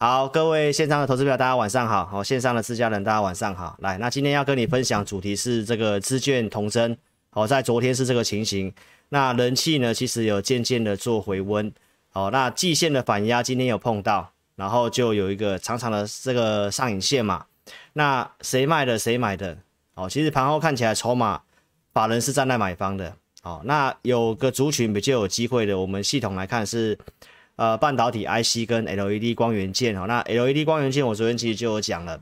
好，各位線上的投資表，大家晚上好；好、哦，線上的自家人，大家晚上好。來，那今天要跟你分享主題是這個資券同增。好、哦，在昨天是這個情形，那人氣呢，其實有漸漸的做回溫。好、哦，那季線的反壓今天有碰到，然後就有一個長長的這個上影線嘛。那誰賣的，誰買的？哦，其實盤後看起來籌碼法人是站在買方的。哦，那有個族群比較有機會的，我們系統來看是。呃，半導體 IC 跟 LED 光元件哦，那 LED 光元件我昨天其實就有講了，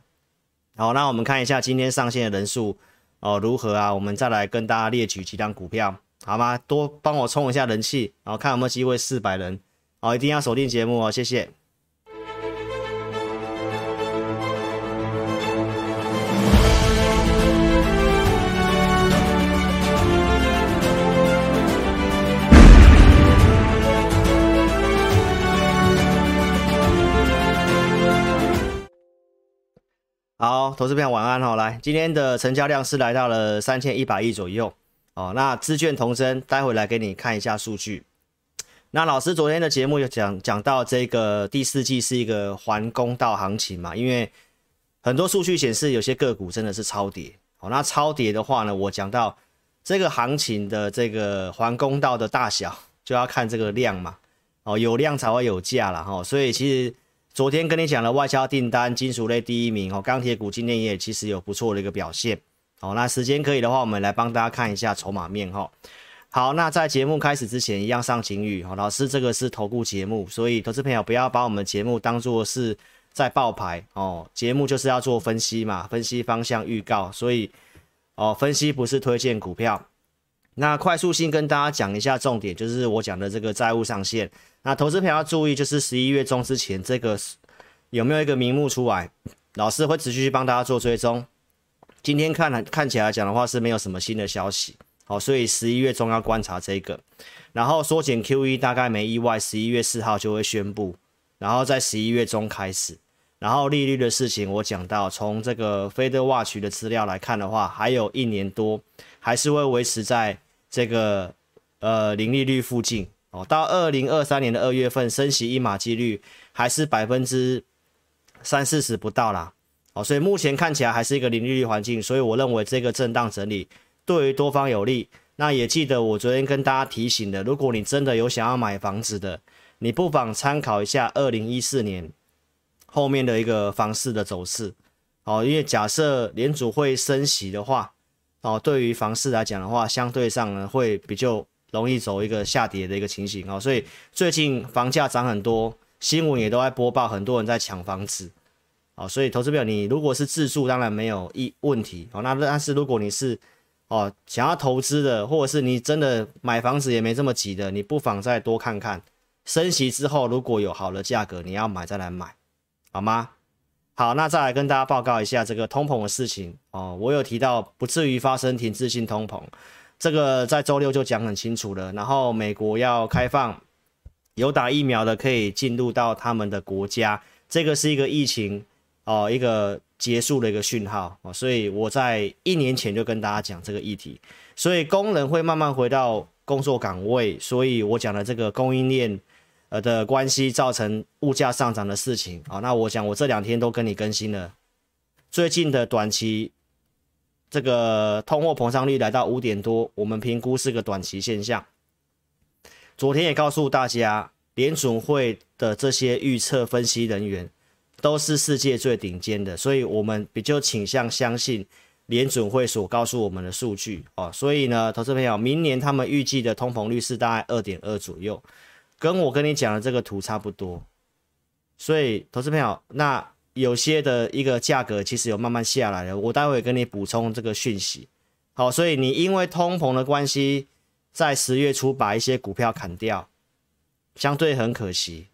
好，那我們看一下今天上線的人數哦，如何啊？我們再來跟大家列舉幾檔股票好嗎？多幫我沖一下人氣，然後，哦，看有沒有機會四百人，哦，一定要鎖定節目哦，謝謝。好，投資朋友晚安好、哦，來，今天的成交量是來到了三千一百億左右哦。那資券同增，待會來給你看一下數據。那老師昨天的節目有講講到這個第四季是一個還公道行情嘛，因為很多數據顯示有些個股真的是超跌哦。那超跌的話呢，我講到這個行情的這個還公道的大小就要看這個量嘛。哦，有量才會有價啦。哈、哦。所以其實。昨天跟你講了外銷訂單，金屬類第一名哦，鋼鐵股今天也其實有不錯的一個表現哦。那時間可以的話，我們來幫大家看一下籌碼面哈。好，那在節目開始之前一樣上警語哈，老師這個是投顧節目，所以投資朋友不要把我們節目當做是在報牌哦，節目就是要做分析嘛，分析方向預告，所以哦分析不是推薦股票。那快速先跟大家講一下重點，就是我講的這個債務上限。那投資朋友要注意，就是十一月中之前這個有沒有一個名目出來，老師會持續去幫大家做追蹤。今天看來看起來講的話是沒有什麼新的消息，好，所以十一月中要觀察這個，然後縮減 QE 大概沒意外，十一月四號就會宣布，然後在十一月中開始，然後利率的事情我講到，從這個 FedWatch 的資料來看的話，還有一年多還是會維持在這個呃零利率附近。到二零二三年的二月份，升息一碼幾率還是百分之三四十不到啦。哦，所以目前看起來還是一個零利率環境，所以我認為這個震盪整理對於多方有利。那也記得我昨天跟大家提醒的，如果你真的有想要買房子的，你不妨參考一下二零一四年後面的一個房市的走勢。哦，因為假設聯準會升息的話，哦，對於房市來講的話，相對上呢會比較。容易走一個下跌的一個情形啊，所以最近房價漲很多，新聞也都在播報，很多人在搶房子啊，所以投資朋友你如果是自住，當然沒有一問題啊，那但是如果你是哦想要投資的，或者是你真的買房子也沒這麼急的，你不妨再多看看，升息之後如果有好的價格，你要買再來買好嗎？好，那再來跟大家報告一下這個通膨的事情哦。我有提到不至於發生停滯性通膨。這個在周六就講很清楚了，然後美國要開放，有打疫苗的可以進入到他們的國家，這個是一個疫情哦，一個結束的一個訊號啊，所以我在一年前就跟大家講這個議題，所以工人會慢慢回到工作崗位，所以我講的這個供應鏈呃的關係造成物價上漲的事情啊，那我想我這兩天都跟你更新了最近的短期。這個通貨膨脹率來到五點多，我們評估是個短期現象。昨天也告訴大家，聯準會的這些預測分析人員都是世界最頂尖的，所以我們比較傾向相信聯準會所告訴我們的數據哦。所以呢，投資朋友，明年他們預計的通膨率是大概二點二左右，跟我跟你講的這個圖差不多。所以，投資朋友，那。有些的一個價格其實有慢慢下來了，我待會跟你補充這個訊息，好，所以你因為通膨的關係，在十月初把一些股票砍掉，相對很可惜，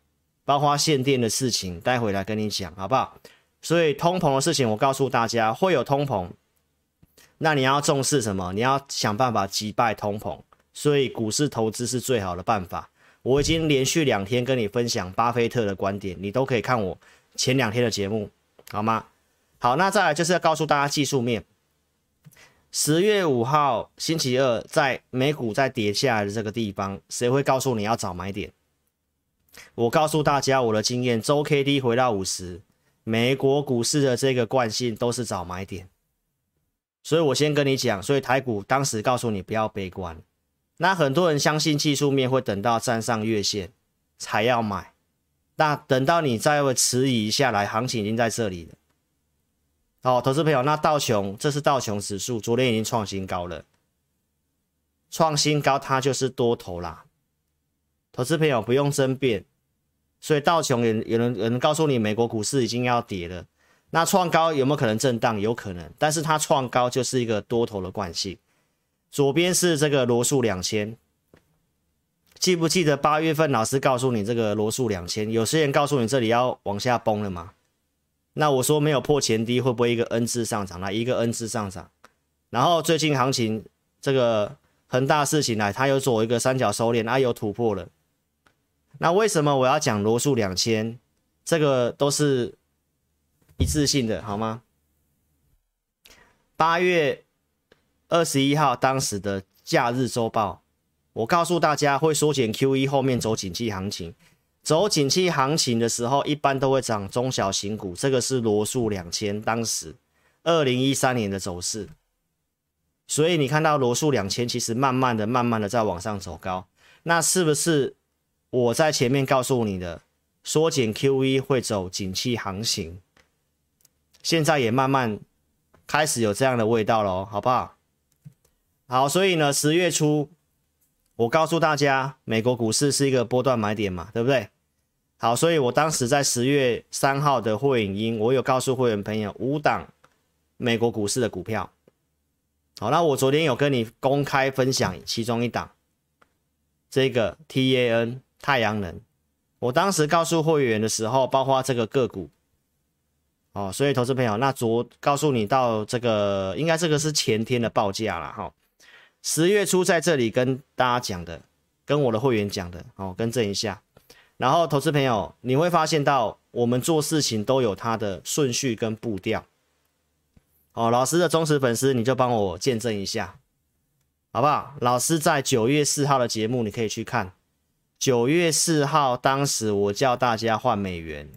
包括限電的事情，待會來跟你講，好不好？所以通膨的事情，我告訴大家會有通膨，那你要重視什麼？你要想辦法擊敗通膨，所以股市投資是最好的辦法。我已經連續兩天跟你分享巴菲特的觀點，你都可以看我。前兩天的節目，好嗎？好，那再來就是要告訴大家技術面。十月五號星期二，在美股在跌下來的這個地方，誰會告訴你要早買點？我告訴大家我的經驗，周 K D 回到五十，美國股市的這個慣性都是早買點。所以我先跟你講，所以台股當時告訴你不要悲觀。那很多人相信技術面會等到站上月線才要買。那等到你再遲疑下來，行情已經在這裡了。好、哦，投資朋友，那道瓊這是道瓊指數，昨天已經創新高了。創新高，它就是多頭啦。投資朋友不用爭辯，所以道瓊也有人能告訴你，美國股市已經要跌了。那創高有沒有可能震盪？有可能，但是它創高就是一個多頭的慣性。左邊是這個羅素兩千。記不記得八月份老師告訴你這個羅素兩千有些人告訴你這裡要往下崩了嗎？那我說沒有破前低會不會一個 N 字上漲？來一個 N 字上漲，然後最近行情這個恆大事情來，他又做一個三角收斂，啊，又突破了。那為什麼我要講羅素兩千？這個都是一致性的好嗎？八月二十一號當時的假日周報。我告訴大家，會縮減 QE，後面走景氣行情，走景氣行情的時候，一般都會漲中小型股。這個是羅素兩千當時二零一三年的走勢，所以你看到羅素兩千其實慢慢的、慢慢的在往上走高，那是不是我在前面告訴你的，縮減 QE 會走景氣行情，現在也慢慢開始有這樣的味道咯，好不好？好，所以呢，十月初。我告訴大家，美國股市是一個波段買點嘛，對不對？好，所以我當時在十月三號的會影音，我有告訴會員朋友五檔美國股市的股票。好，那我昨天有跟你公開分享其中一檔，這個 TAN 太陽能。我當時告訴會員的時候，包括這個個股。哦，所以投資朋友，那昨告訴你到這個，應該這個是前天的報價了哈。哦十月初在這裡跟大家講的，跟我的會員講的，哦，更正一下。然後，投資朋友，你會發現到我們做事情都有它的順序跟步調。哦，老師的忠實粉絲，你就幫我見證一下，好不好？老師在九月四號的節目，你可以去看。九月四號，當時我叫大家換美元，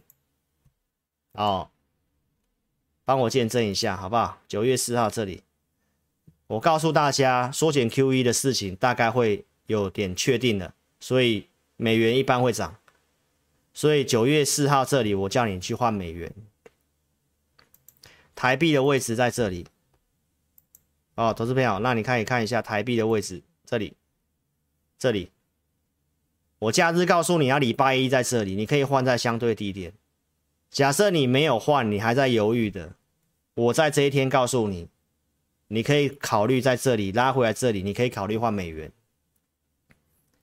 哦，幫我見證一下，好不好？九月四號這裡。我告訴大家，縮減 QE 的事情大概會有點確定了，所以美元一般會漲，所以九月四號這裡，我叫你去換美元，台幣的位置在這裡。哦，投資朋友，那你可以看一下台幣的位置，這裡，這裡。我假日告訴你，要禮拜一在這裡，你可以換在相對低點。假設你沒有換，你還在猶豫的，我在這一天告訴你。你可以考慮在這裡拉回來，這裡你可以考慮換美元。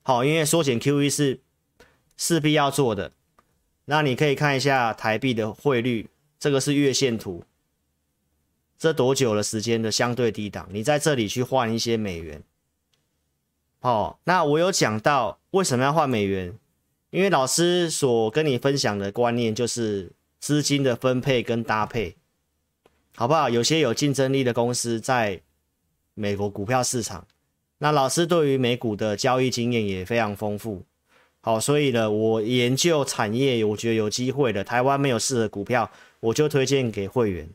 好，因為縮減 QE 是勢必要做的。那你可以看一下台幣的匯率，這個是月線圖，這多久的時間的相對低檔？你在這裡去換一些美元。好，那我有講到為什麼要換美元，因為老師所跟你分享的觀念就是資金的分配跟搭配。好不好？有些有競爭力的公司在美國股票市場。那老師對於美股的交易經驗也非常豐富。好，所以呢，我研究產業，我覺得有機會的台灣沒有適合股票，我就推薦給會員。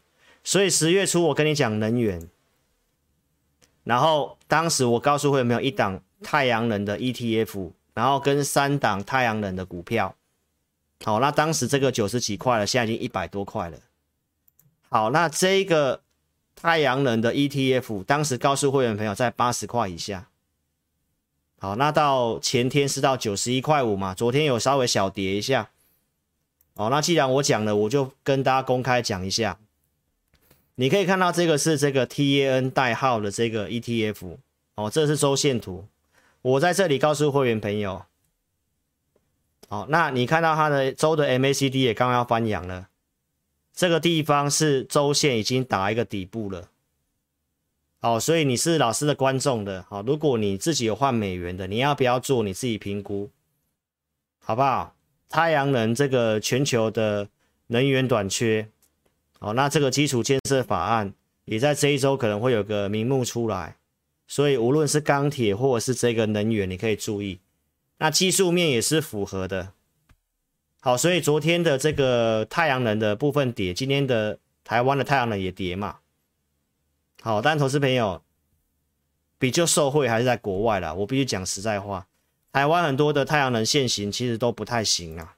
所以十月初我跟你講能源，然後當時我告訴會員有，有一檔太陽能的 ETF，然後跟三檔太陽能的股票。好，那當時這個九十幾塊了，現在已經一百多塊了。好，那這個太陽能的 ETF，當時告訴會員朋友在八十塊以下。好，那到前天是到九十一塊五嘛。昨天有稍微小跌一下。哦，那既然我講了，我就跟大家公開講一下。你可以看到這個是這個 TAN 代號的這個 ETF。哦，這是周線圖。我在這裡告訴會員朋友。好，那你看到他的周的 MACD 也剛剛要翻陽了。這個地方是周線已經打一個底部了，哦，所以你是老師的觀眾的，好、哦，如果你自己有換美元的，你要不要做？你自己評估，好不好？太陽能這個全球的能源短缺，哦，那這個基礎建設法案也在這一周可能會有個眉目出來，所以無論是鋼鐵或者是這個能源，你可以注意，那技術面也是符合的。好，所以昨天的這個太陽能的部分跌，今天的台灣的太陽能也跌嘛。好，但投資朋友，比較受惠還是在國外啦。我必須講實在話，台灣很多的太陽能現行其實都不太行啊。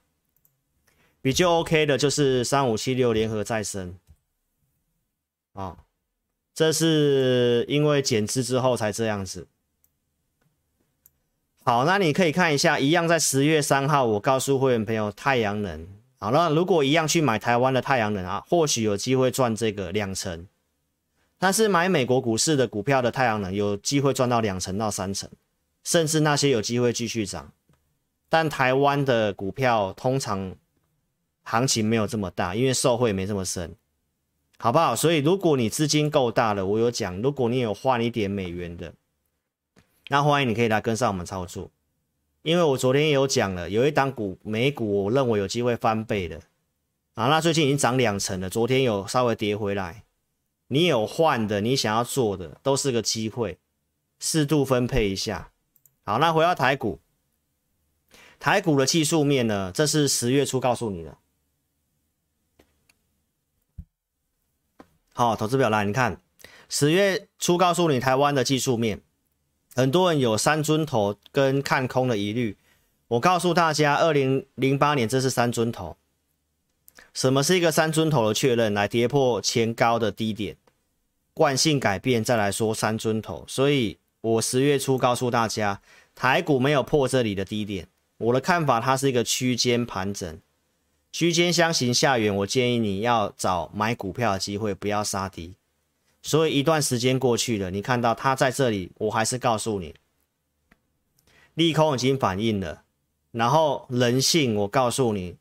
比較 OK 的就是三五七六聯合再生，啊、哦，這是因為減資之後才這樣子。好，那你可以看一下，一樣在十月三號，我告訴會員朋友，太陽能。好了，那如果一樣去買台灣的太陽能啊，或許有機會賺這個兩成。但是買美國股市的股票的太陽能，有機會賺到兩成到三成，甚至那些有機會繼續漲。但台灣的股票通常行情沒有這麼大，因為受惠沒這麼深，好不好？所以如果你資金夠大了，我有講，如果你有換一點美元的。那歡迎你可以來跟上我們操作，因為我昨天有講了，有一檔股，美股，我認為有機會翻倍的啊。那最近已經漲兩成了，昨天有稍微跌回來。你有換的，你想要做的都是個機會，適度分配一下。好，那回到台股，台股的技術面呢？這是十月初告訴你的。好，投資表來，你看十月初告訴你台灣的技術面。很多人有三尊頭跟看空的疑慮，我告訴大家，二零零八年這是三尊頭。什麼是一個三尊頭的確認？來，跌破前高的低點，慣性改變，再來說三尊頭。所以我十月初告訴大家，台股沒有破這裡的低點，我的看法它是一個區間盤整，區間箱型下緣，我建議你要找買股票的機會，不要殺低。所以一段時間過去了，你看到它在這裡，我還是告訴你，利空已經反映了。然後人性，我告訴你，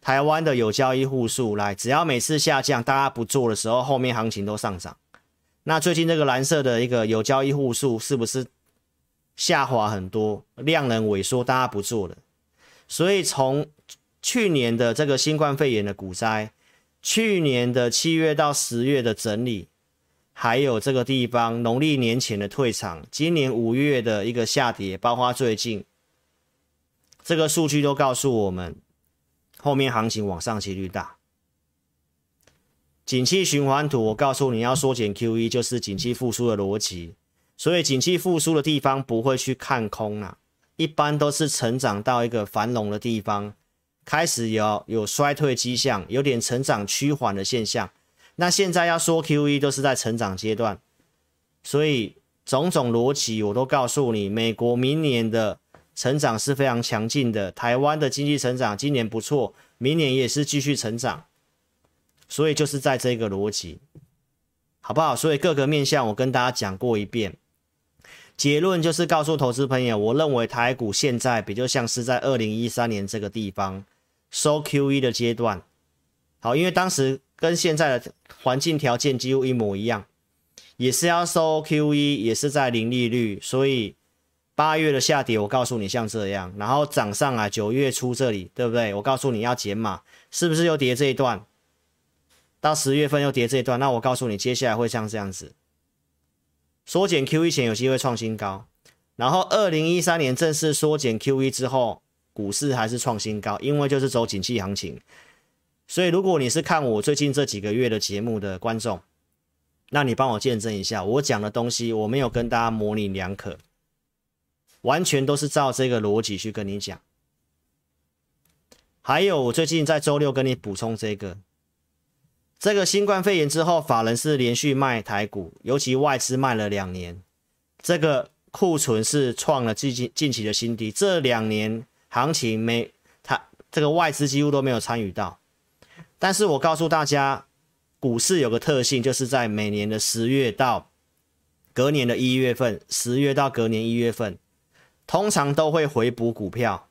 台灣的有交易戶數來，只要每次下降，大家不做的時候，後面行情都上漲。那最近這個藍色的一個有交易戶數是不是下滑很多，量能萎縮，大家不做了？所以從去年的這個新冠肺炎的股災。去年的七月到十月的整理，還有這個地方農曆年前的退場，今年五月的一個下跌，包括最近這個數據都告訴我們，後面行情往上幾率大。景氣循環圖，我告訴你要縮減 QE，就是景氣復甦的邏輯，所以景氣復甦的地方不會去看空啊，一般都是成長到一個繁榮的地方。開始有有衰退跡象，有點成長趨緩的現象。那現在要說 QE 都是在成長階段，所以種種邏輯我都告訴你，美國明年的成長是非常強勁的。台灣的經濟成長今年不錯，明年也是繼續成長，所以就是在這個邏輯，好不好？所以各個面向我跟大家講過一遍，結論就是告訴投資朋友，我認為台股現在比較像是在二零一三年這個地方。收 QE 的階段，好，因為當時跟現在的環境條件幾乎一模一樣，也是要收 QE，也是在零利率，所以八月的下跌，我告訴你像這樣，然後漲上來九月初這裡，對不對？我告訴你要減碼，是不是又跌這一段？到十月份又跌這一段，那我告訴你接下來會像這樣子，縮減 QE 前有機會創新高，然後二零一三年正式縮減 QE 之後。股市還是創新高，因為就是走景氣行情。所以，如果你是看我最近這幾個月的節目的觀眾，那你幫我見證一下，我講的東西我沒有跟大家模稜兩可，完全都是照這個邏輯去跟你講。還有，我最近在周六跟你補充這個，這個新冠肺炎之後，法人是連續賣台股，尤其外資賣了兩年，這個庫存是創了最近近期的新低，這兩年。行情沒，他這個外資幾乎都沒有參與到。但是我告訴大家，股市有個特性，就是在每年的十月到隔年的一月份，十月到隔年一月份，通常都會回補股票。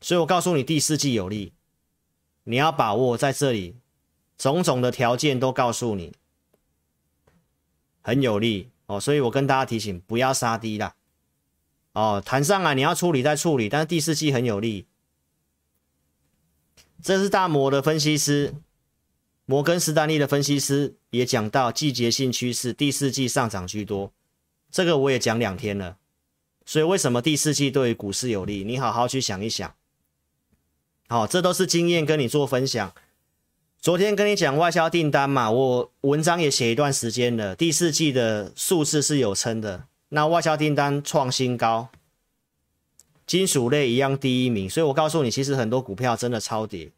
所以我告訴你第四季有利，你要把握在這裡，種種的條件都告訴你，很有利哦。所以我跟大家提醒，不要殺低啦。哦，談上來你要處理再處理，但是第四季很有利。這是大摩的分析師，摩根士丹利的分析師也講到季節性趨勢，第四季上漲居多。這個我也講兩天了，所以為什麼第四季對於股市有利？你好好去想一想。好、哦，這都是經驗跟你做分享。昨天跟你講外銷訂單嘛，我文章也寫一段時間了，第四季的數字是有撐的。那外銷訂單創新高，金屬類一樣第一名，所以我告訴你，其實很多股票真的超跌，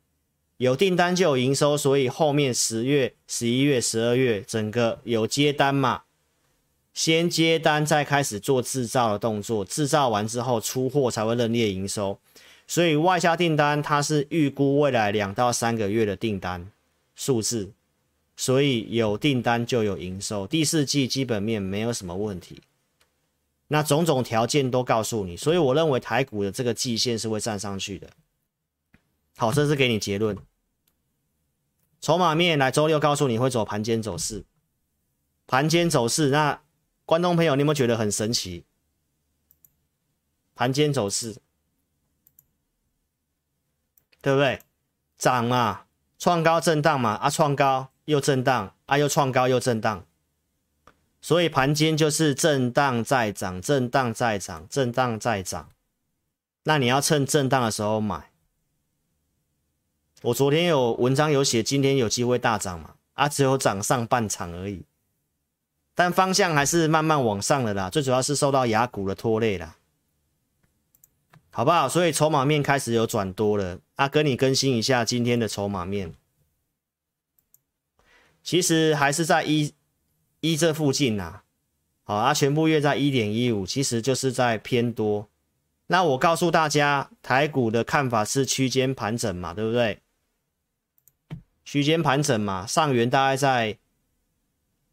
有訂單就有營收，所以後面十月、十一月、十二月整個有接單嘛，先接單再開始做制造的動作，制造完之後出貨才會認列營收，所以外銷訂單它是預估未來兩到三個月的訂單數字，所以有訂單就有營收，第四季基本面沒有什麼問題。那種種條件都告訴你，所以我認為台股的這個季線是會站上去的。好，這是給你結論。籌碼面來，周六告訴你會走盤間走勢，盤間走勢。那觀眾朋友，你有沒有覺得很神奇？盤間走勢，對不對？漲嘛，創高震盪嘛，啊，創高又震盪，啊，又創高又震盪。所以盤間就是震盪再漲，震盪再漲，震盪再漲。那你要趁震盪的時候買。我昨天有文章有寫，今天有機會大漲嘛？啊，只有漲上半場而已，但方向還是慢慢往上的啦。最主要是受到亞股的拖累啦，好不好？所以籌碼面開始有轉多了。阿、啊、哥，跟你更新一下今天的籌碼面。其實還是在一。一這附近吶、啊，好啊，全部約在一點一五，其實就是在偏多。那我告訴大家，台股的看法是區間盤整嘛，對不對？區間盤整嘛，上緣大概在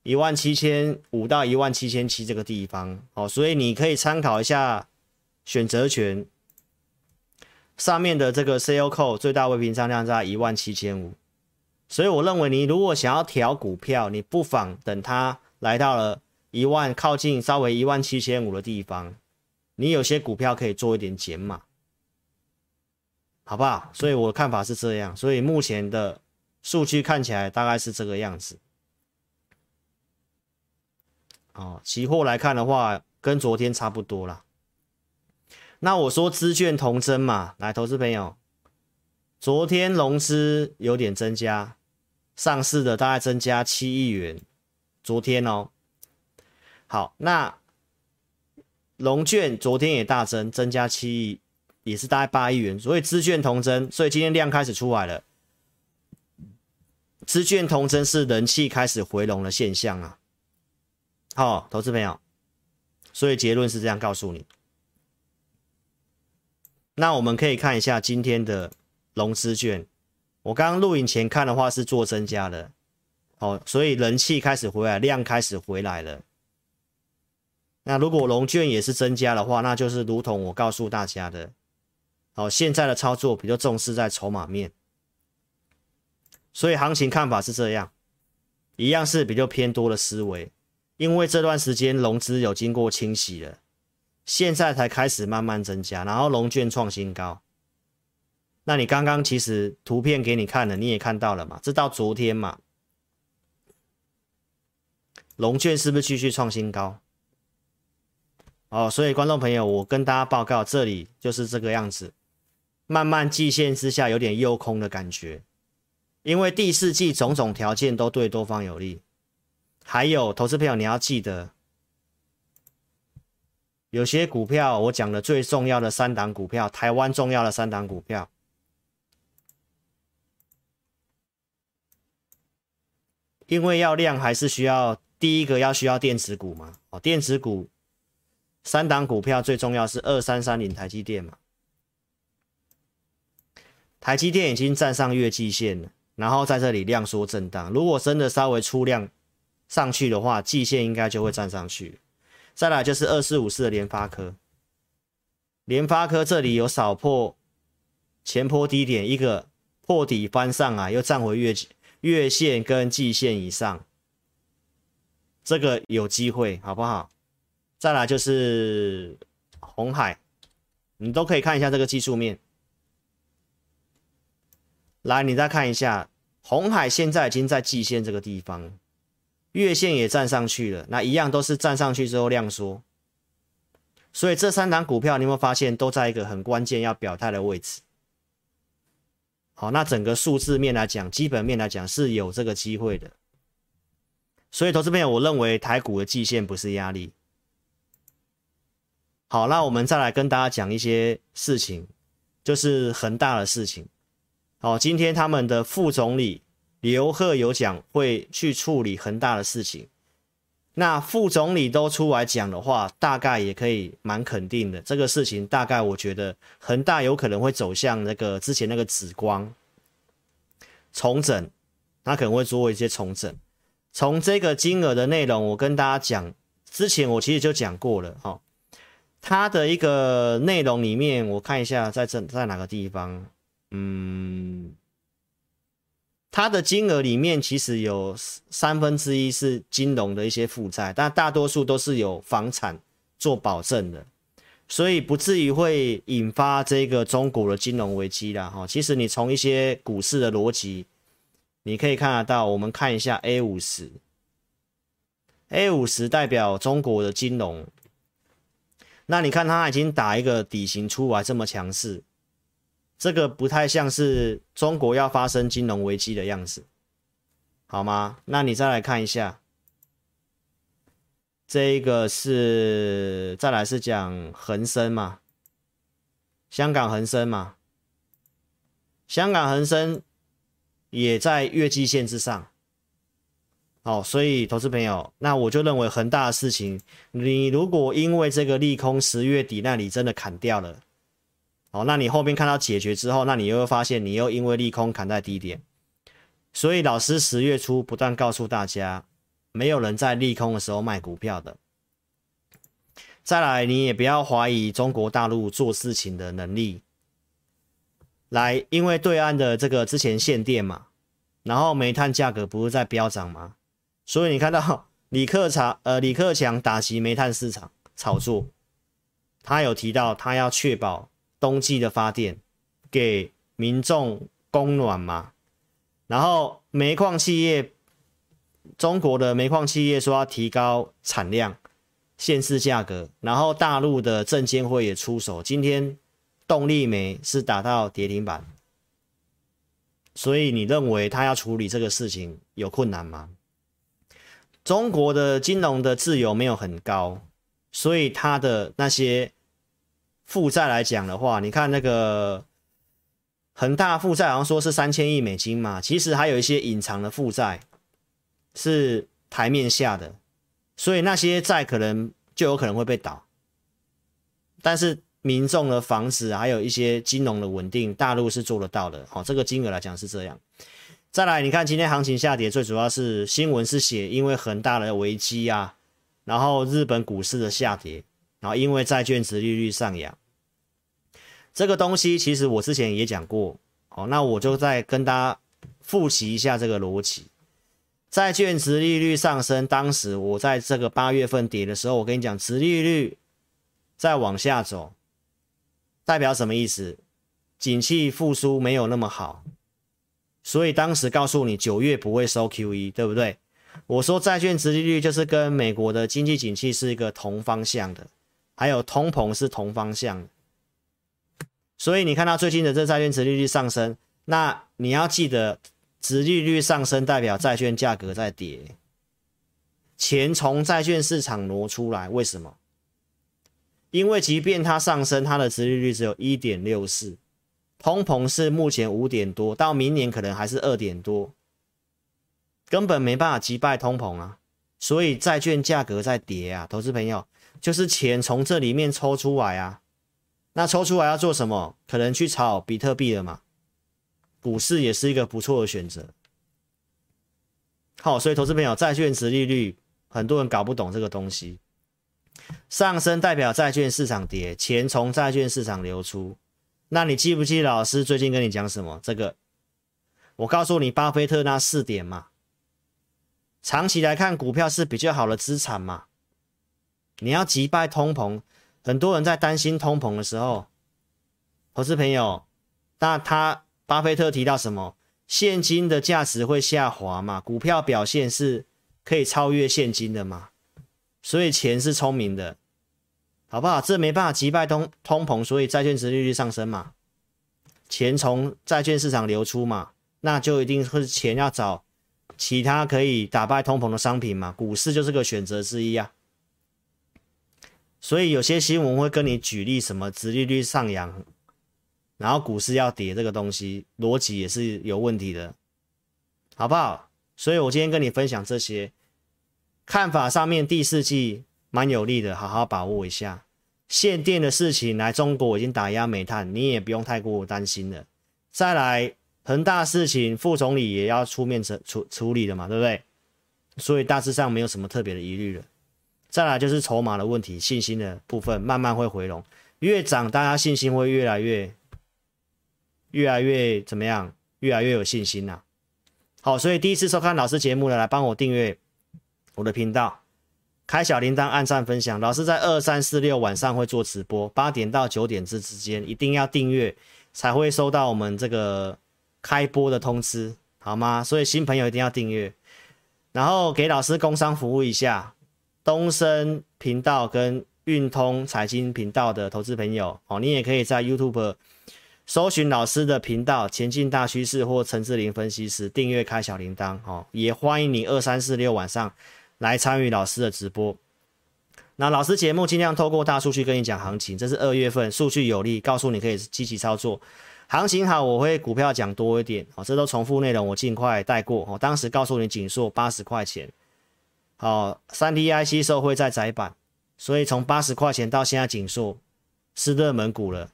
一萬七千五到一萬七千七這個地方，好，所以你可以參考一下選擇權上面的這個 C.O.C.O 最大未平倉量在一萬七千五。所以我認為，你如果想要調股票，你不妨等它來到了一萬，靠近稍微一萬七千五的地方，你有些股票可以做一點減碼，好不好？所以我的看法是這樣。所以目前的數據看起來大概是這個樣子。哦，期貨來看的話，跟昨天差不多啦。那我說資券同增嘛，來，投資朋友，昨天融資有點增加。上市的大概增加七億元，昨天哦，好，那融券昨天也大增，增加七億，也是大概八億元，所以資券同增，所以今天量開始出來了，資券同增是人氣開始回籠的現象啊，好、哦，投資朋友，所以結論是這樣告訴你，那我們可以看一下今天的融資券。我剛剛錄影前看的話是做增加的，哦，所以人氣開始回來，量開始回來了。那如果融券也是增加的話，那就是如同我告訴大家的，哦。現在的操作比較重視在籌碼面，所以行情看法是這樣，一樣是比較偏多的思維，因為這段時間融資有經過清洗了，現在才開始慢慢增加，然後融券創新高。那你剛剛其實圖片給你看了，你也看到了嘛？直到昨天嘛，龍券是不是繼續創新高？哦，所以觀眾朋友，我跟大家報告，這裡就是這個樣子，慢慢季線之下有點誘空的感覺，因為第四季種種條件都對多方有利。還有投資朋友，你要記得，有些股票我講的最重要的三檔股票，台灣重要的三檔股票。因為要量還是需要，第一個要需要電子股嘛，哦，電子股三檔股票最重要是二三三零台積電嘛，台積電已經站上月季線了，然後在這裡量縮震盪，如果真的稍微出量上去的話，季線應該就會站上去。再來就是二四五四的聯發科，聯發科這裡有稍破前波低點，一個破底翻上啊，又站回月季。月線跟季線以上，這個有機會好不好？再來就是紅海，你都可以看一下這個技術面。來，你再看一下紅海，現在已經在季線這個地方，月線也站上去了，那一樣都是站上去之後量縮。所以這三檔股票，你有沒有發現都在一個很關鍵要表態的位置？好，那整個數字面來講，基本面來講是有這個機會的，所以投資朋友，我認為台股的季線不是壓力。好，那我們再來跟大家講一些事情，就是恆大的事情。好，今天他們的副總理劉鶴有講會去處理恆大的事情。那副總理都出來講的話，大概也可以蠻肯定的。這個事情大概我覺得恆大有可能會走向那個之前那個紫光，重整，它可能會做一些重整。從這個金額的內容，我跟大家講，之前我其實就講過了哈。它的一個內容裡面，我看一下在在哪個地方，嗯。它的金額裡面其實有三分之一是金融的一些負債，但大多數都是有房產做保證的，所以不至於會引發這個中國的金融危機啦。哈，其實你從一些股市的邏輯，你可以看得到，我們看一下 A50，A50 代表中國的金融，那你看它已經打一個底型出來，這麼強勢。這個不太像是中國要發生金融危機的樣子，好嗎？那你再來看一下，這個是再來是講恆生嘛，香港恆生嘛，香港恆生也在月季線之上。好、哦，所以投資朋友，那我就認為恆大的事情，你如果因為這個利空十月底那裡真的砍掉了。好，那你後面看到解決之後，那你又會發現你又因為利空砍在低點，所以老師十月初不斷告訴大家，沒有人在利空的時候賣股票的。再來，你也不要懷疑中國大陸做事情的能力。來，因為對岸的這個之前限電嘛，然後煤炭價格不是在飆漲嗎？所以你看到李克強，呃，李克強打擊煤炭市場炒作，他有提到他要確保。冬季的發電，給民眾供暖嘛，然後煤礦企業，中國的煤礦企業說要提高產量，限制價格，然後大陸的證監會也出手。今天動力煤是打到跌停板，所以你認為他要處理這個事情有困難嗎？中國的金融的自由沒有很高，所以他的那些，負債來講的話，你看那個恆大負債好像說是三千億美金嘛，其實還有一些隱藏的負債是台面下的，所以那些債可能就有可能會被倒。但是民眾的房子還有一些金融的穩定，大陸是做得到的。好，這個金額來講是這樣。再來，你看今天行情下跌，最主要是新聞是寫因為恆大的危機啊，然後日本股市的下跌。然後，因為債券殖利率上揚，這個東西其實我之前也講過哦。那我就再跟大家複習一下這個邏輯：債券殖利率上升，當時我在這個八月份跌的時候，我跟你講，殖利率在往下走，代表什麼意思？景氣復甦沒有那麼好，所以當時告訴你九月不會收 QE，對不對？我說債券殖利率就是跟美國的經濟景氣是一個同方向的。還有通膨是同方向，所以你看到最近的這債券殖利率上升，那你要記得殖利率上升代表債券價格在跌，錢從債券市場挪出來，為什麼？因為即便它上升，它的殖利率只有一點六四，通膨是目前五點多，到明年可能還是二點多，根本沒辦法擊敗通膨啊，所以債券價格在跌啊，投資朋友。就是錢從這裡面抽出來啊，那抽出來要做什麼？可能去炒比特幣了嘛，股市也是一個不錯的選擇。好、哦，所以投資朋友，債券殖利率，很多人搞不懂這個東西。上升代表債券市場跌，錢從債券市場流出。那你記不記得老師最近跟你講什麼？這個，我告訴你，巴菲特那四點嘛，長期來看，股票是比較好的資產嘛。你要擊敗通膨，很多人在擔心通膨的時候，投資朋友，那他巴菲特提到什麼？現金的價值會下滑嘛，股票表現是可以超越現金的嘛。所以錢是聰明的，好不好？這沒辦法擊敗通通膨，所以債券殖利率上升嘛，錢從債券市場流出嘛，那就一定是錢要找其他可以打敗通膨的商品嘛。股市就是個選擇之一啊。所以有些新聞會跟你舉例什麼，殖利率上揚，然後股市要跌，這個東西邏輯也是有問題的，好不好？所以我今天跟你分享這些看法，上面第四季蠻有利的，好好把握一下。限電的事情來中國已經打壓煤炭，你也不用太過擔心了。再來恆大事情，副總理也要出面處處理的嘛，對不對？所以大致上沒有什麼特別的疑慮了。再來就是籌碼的問題，信心的部分慢慢會回籠。越漲，大家信心會越來越、越來越怎麼樣？越來越有信心吶、啊。好，所以第一次收看老師節目的，來幫我訂閱我的頻道，開小鈴鐺，按讚分享。老師在二、三四六晚上會做直播，八點到九點這之間一定要訂閱才會收到我們這個開播的通知，好嗎？所以新朋友一定要訂閱，然後給老師工商服務一下。東森頻道跟運通財經頻道的投資朋友，哦，你也可以在 YouTube 搜尋老師的頻道“前進大趨勢”或陳志玲分析師，訂閱開小鈴鐺，哦，也歡迎你二三四六晚上來參與老師的直播。那老師節目盡量透過大數據跟你講行情，這是二月份數據有利，告訴你可以積極操作，行情好我會股票講多一點，哦，這都重複內容，我盡快帶過，哦，當時告訴你緊縮八十塊錢。好，3D IC 受惠在窄板，所以從八十塊錢到現在景碩是熱門股了。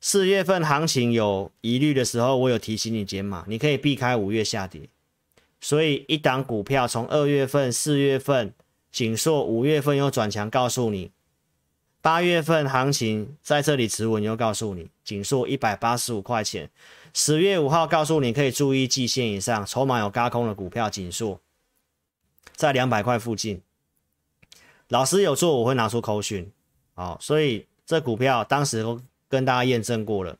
四月份行情有疑慮的時候，我有提醒你減碼，你可以避開五月下跌。所以一檔股票從二月份、四月份景碩，五月份又轉強，告訴你八月份行情在這裡持穩，又告訴你景碩一百八十五塊錢，十月五號告訴你可以注意季線以上籌碼有軋空的股票景碩。在兩百塊附近，老師有做，我會拿出口訊。好，所以這股票當時跟大家驗證過了，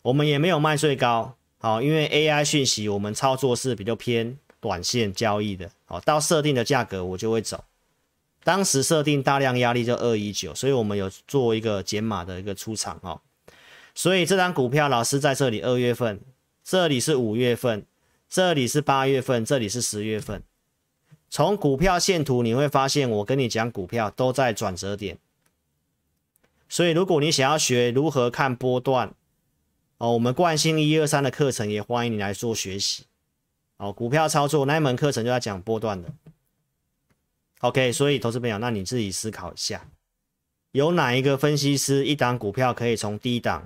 我們也沒有賣最高。好，因為 AI 訊息我們操作是比較偏短線交易的。好，到設定的價格我就會走。當時設定大量壓力就二一九，所以我們有做一個減碼的一個出場。哦，所以這張股票老師在這裡二月份，這裡是五月份，這裡是八月份，這裡是十月份。從股票線圖你會發現，我跟你講股票都在轉折點。所以，如果你想要學如何看波段，哦，我們慣性一二三的課程也歡迎你來做學習。哦，股票操作那一門課程就在講波段的。OK，所以投資朋友，那你自己思考一下，有哪一個分析師一檔股票可以從低檔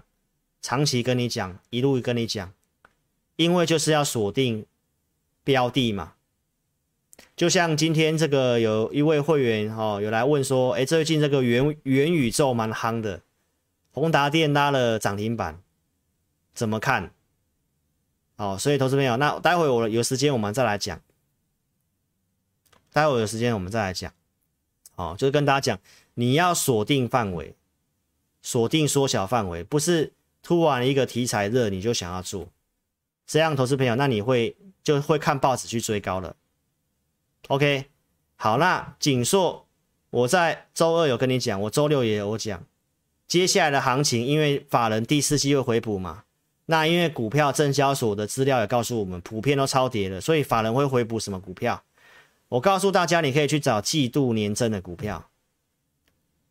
長期跟你講，一路跟你講，因為就是要鎖定標的嘛。就像今天這個有一位會員哈、哦、有來問說，哎，最近這個元元宇宙蠻夯的，宏達電拉了漲停板，怎麼看？哦，所以投資朋友，那待會我有時間我們再來講，待會有時間我們再來講，哦，就是跟大家講，你要鎖定範圍，鎖定縮小範圍，不是突然一個題材熱你就想要做，這樣投資朋友，那你會就會看報紙去追高了。OK，好，那景碩，我在周二有跟你講，我周六也有講，接下來的行情，因為法人第四季會回補嘛，那因為股票證交所的資料也告訴我們，普遍都超跌了，所以法人會回補什麼股票？我告訴大家，你可以去找季度年增的股票，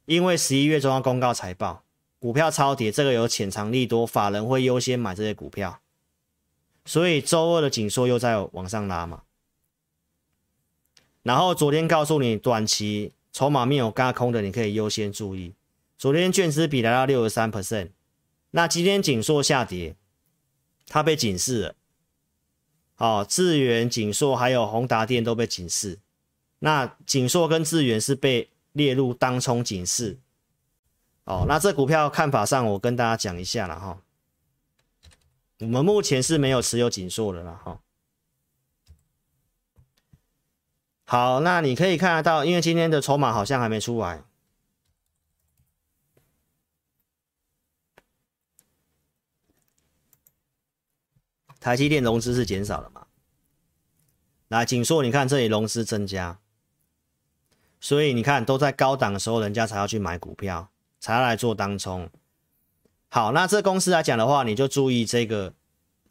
因為十一月中要公告財報，股票超跌，這個有潛藏利多，法人會優先買這些股票，所以周二的景碩又在往上拉嘛。然後昨天告訴你，短期籌碼面有軋空的，你可以優先注意。昨天券資比達到六十三 percent，那今天景碩下跌，它被警示了。好、哦，智原景碩還有宏達電都被警示。那景碩跟智原是被列入當沖警示。哦，那這股票看法上，我跟大家講一下了哈、哦。我們目前是沒有持有景碩的了哈。哦好，那你可以看得到，因為今天的籌碼好像還沒出來。台積電融資是減少了嘛？來，景碩，你看這裡融資增加，所以你看都在高檔的時候，人家才要去買股票，才要來做當沖。好，那這公司來講的話，你就注意這個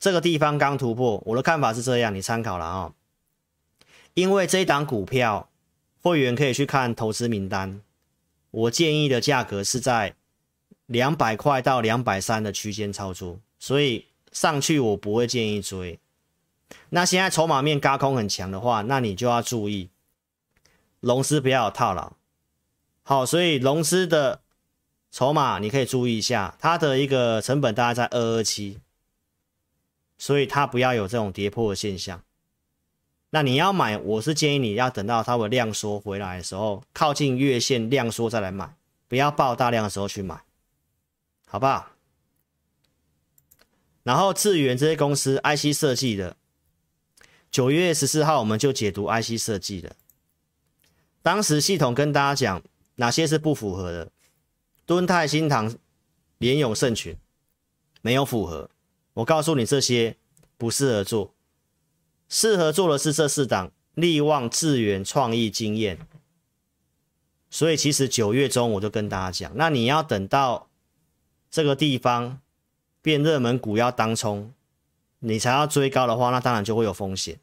這個地方剛突破，我的看法是這樣，你參考了啊、哦。因為這一檔股票，會員可以去看投資名單。我建議的價格是在兩百塊到兩百三的區間操作，所以上去我不會建議追。那現在籌碼面軋空很強的話，那你就要注意融資不要有套牢。好，所以融資的籌碼你可以注意一下，它的一個成本大概在二二七，所以它不要有這種跌破的現象。那你要買，我是建議你要等到它會量縮回來的時候，靠近月線量縮再來買，不要爆大量的時候去買，好不好？然後智元這些公司 IC 設計的，九月十四號我們就解讀 IC 設計的，當時系統跟大家講哪些是不符合的，敦泰、新唐、聯詠、盛群沒有符合，我告訴你這些不適合做。適合做的是這四檔力旺、智源、創意、經驗。所以其實九月中我就跟大家講，那你要等到這個地方變熱門股要當衝，你才要追高的話，那當然就會有風險。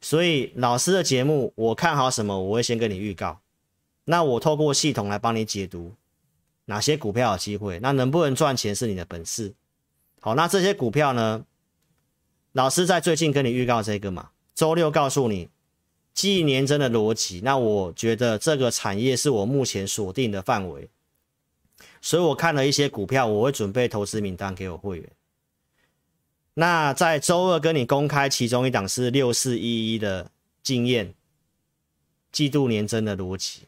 所以老師的節目，我看好什麼，我會先跟你預告。那我透過系統來幫你解讀哪些股票有機會，那能不能賺錢是你的本事。好，那這些股票呢？老師在最近跟你預告這個嘛，週六告訴你，季年增的邏輯。那我覺得這個產業是我目前鎖定的範圍，所以我看了一些股票，我會準備投資名單給我會員。那在週二跟你公開，其中一檔是六四一一的經驗，季度年增的邏輯，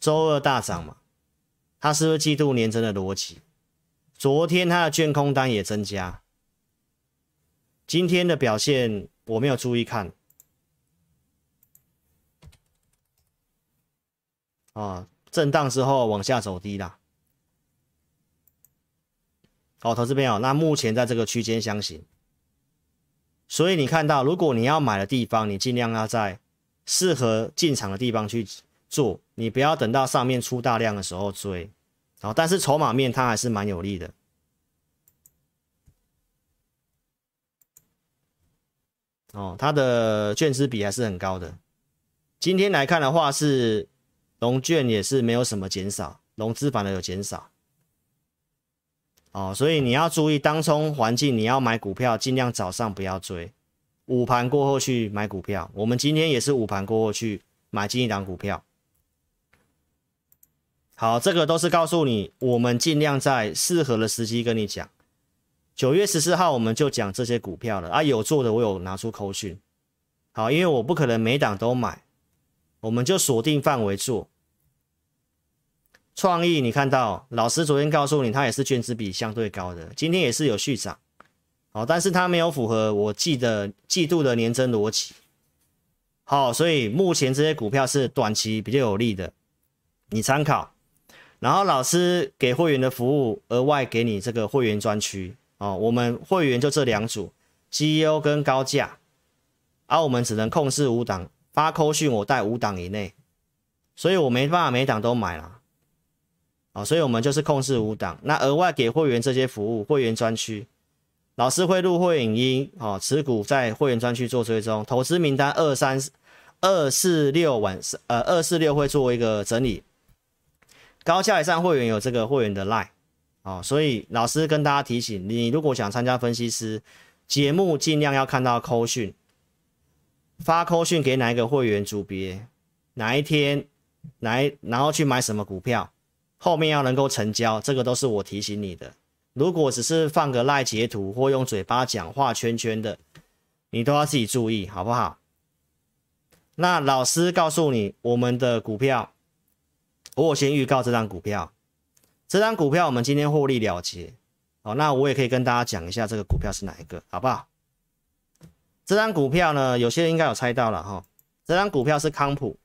週二大漲嘛，它是不是季度年增的邏輯？昨天它的券空單也增加。今天的表現我沒有注意看，啊，震盪之後往下走低啦。好，投資朋友，那目前在這個區間箱型，所以你看到，如果你要買的地方，你盡量要在適合進場的地方去做，你不要等到上面出大量的時候追。好，但是籌碼面它還是蠻有利的。哦，它的券資比還是很高的。今天來看的話是，是融券也是沒有什麼減少，融資反而有減少。哦，所以你要注意當沖環境，你要買股票盡量早上不要追，午盤過後去買股票。我們今天也是午盤過後去買進一檔股票。好，這個都是告訴你，我們盡量在適合的時機跟你講。九月十四號我們就講這些股票了啊，有做的我有拿出口訊，好，因為我不可能每檔都買，我們就鎖定範圍做。創意你看到老師昨天告訴你，它也是券資比相對高的，今天也是有續漲，好，但是它沒有符合我記得季度的年增邏輯，好，所以目前這些股票是短期比較有利的，你參考。然後老師給會員的服務，額外給你這個會員專區。哦，我們會員就這兩組，CEO 跟高價，而、啊、我們只能控制五檔，發 call 訊我帶五檔以內，所以我沒辦法每檔都買了。哦，所以我們就是控制五檔，那額外給會員這些服務，會員專區，老師會錄會影音，哦，持股在會員專區做追蹤，投資名單二三二四六晚，呃二四六會做一個整理，高價以上會員有這個會員的 LINE。好、哦，所以老師跟大家提醒，你如果想參加分析師節目，儘量要看到扣訊，發扣訊給哪一個會員組別，哪一天來，然後去買什麼股票，後面要能夠成交，這個都是我提醒你的。如果只是放個賴截圖或用嘴巴講話圈圈的，你都要自己注意，好不好？那老師告訴你，我們的股票，我先預告這檔股票。這張股票我們今天獲利了結，好，那我也可以跟大家講一下這個股票是哪一個，好不好？這張股票呢，有些人應該有猜到了哈，這張股票是康普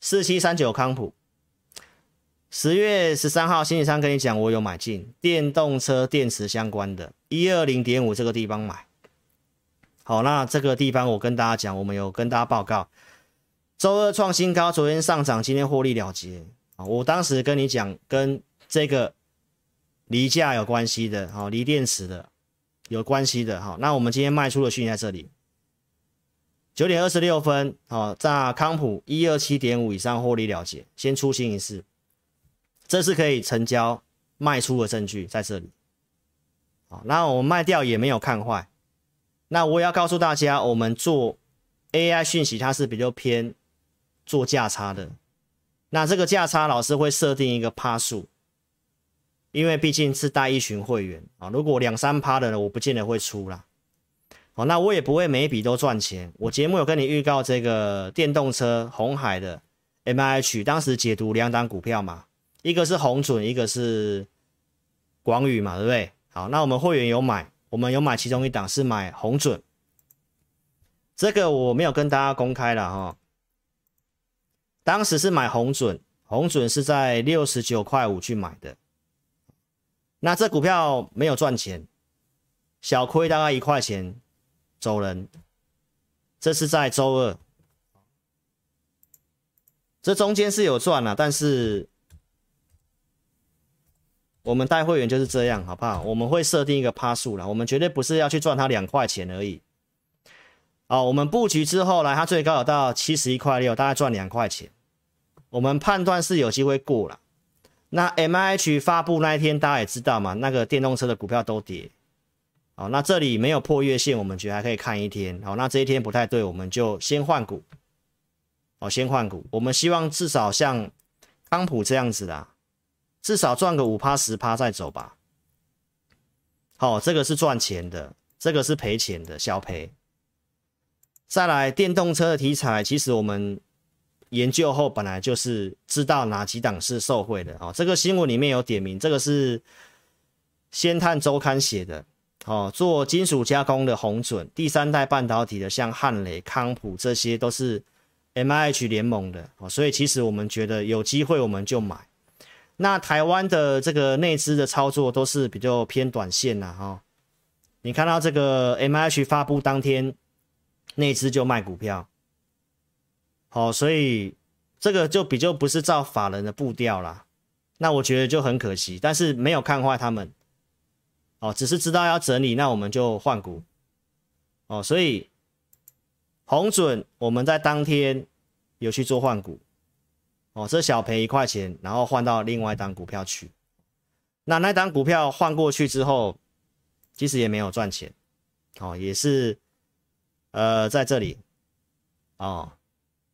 四七三九，康普，十月十三號星期三跟你講，我有買進電動車電池相關的，一二零點五這個地方買。好，那這個地方我跟大家講，我們有跟大家報告，週二創新高，昨天上漲，今天獲利了結啊。我當時跟你講跟這個鋰價有關係的，好，鋰電池的有關係的，好，那我們今天賣出的訊息在這裡，九點二十六分，好，在康普一二七點五以上獲利了結，先出清一次，這是可以成交賣出的證據在這裡，好，那我們賣掉也沒有看壞，那我也要告訴大家，我們做 AI 訊息它是比較偏做價差的，那這個價差老師會設定一個趴數。因為畢竟是帶一群會員啊，如果兩三趴的呢，我不見得會出啦。哦，那我也不會每一筆都賺錢。我節目有跟你預告這個電動車紅海的 MIH，當時解讀兩檔股票嘛，一個是紅準，一個是廣宇嘛，對不對？好，那我們會員有買，我們有買其中一檔是買紅準，這個我沒有跟大家公開了哈，哦。當時是買紅準，紅準是在六十九塊五去買的。那這股票沒有賺錢，小虧大概一塊錢，走人。這是在周二，這中間是有賺啦，但是我們帶會員就是這樣，好不好？我們會設定一個趴數啦，我們絕對不是要去賺它兩塊錢而已。啊，我們布局之後呢，它最高有到七十一塊六，大概賺兩塊錢，我們判斷是有機會過啦。那 MIH 發佈那一天，大家也知道嘛，那個電動車的股票都跌。哦，那這裡沒有破月線，我們覺得還可以看一天。好，那這一天不太對，我們就先換股。哦，先換股，我們希望至少像康普這樣子啦，至少賺個五趴十趴再走吧。好，這個是賺錢的，這個是賠錢的，小賠。再來電動車的題材，其實我們。研究後本來就是知道哪幾檔是受惠的啊、哦，這個新聞裡面有點名，這個是《先探週刊》寫的哦。做金屬加工的鴻準，第三代半導體的像漢磊、康普，這些都是 M I H 聯盟的哦。所以其實我們覺得有機會我們就買。那台灣的這個內資的操作都是比較偏短線的、啊、哈、哦。你看到這個 M I H 發布當天，內資就賣股票。哦，所以這個就比較不是照法人的步調啦。那我覺得就很可惜，但是沒有看壞他們。哦，只是知道要整理，那我們就換股。哦，所以紅準我們在當天有去做換股。哦，這小賠一塊錢，然後換到另外一檔股票去。那那檔股票換過去之後，其實也沒有賺錢。哦，也是，呃，在這裡，哦。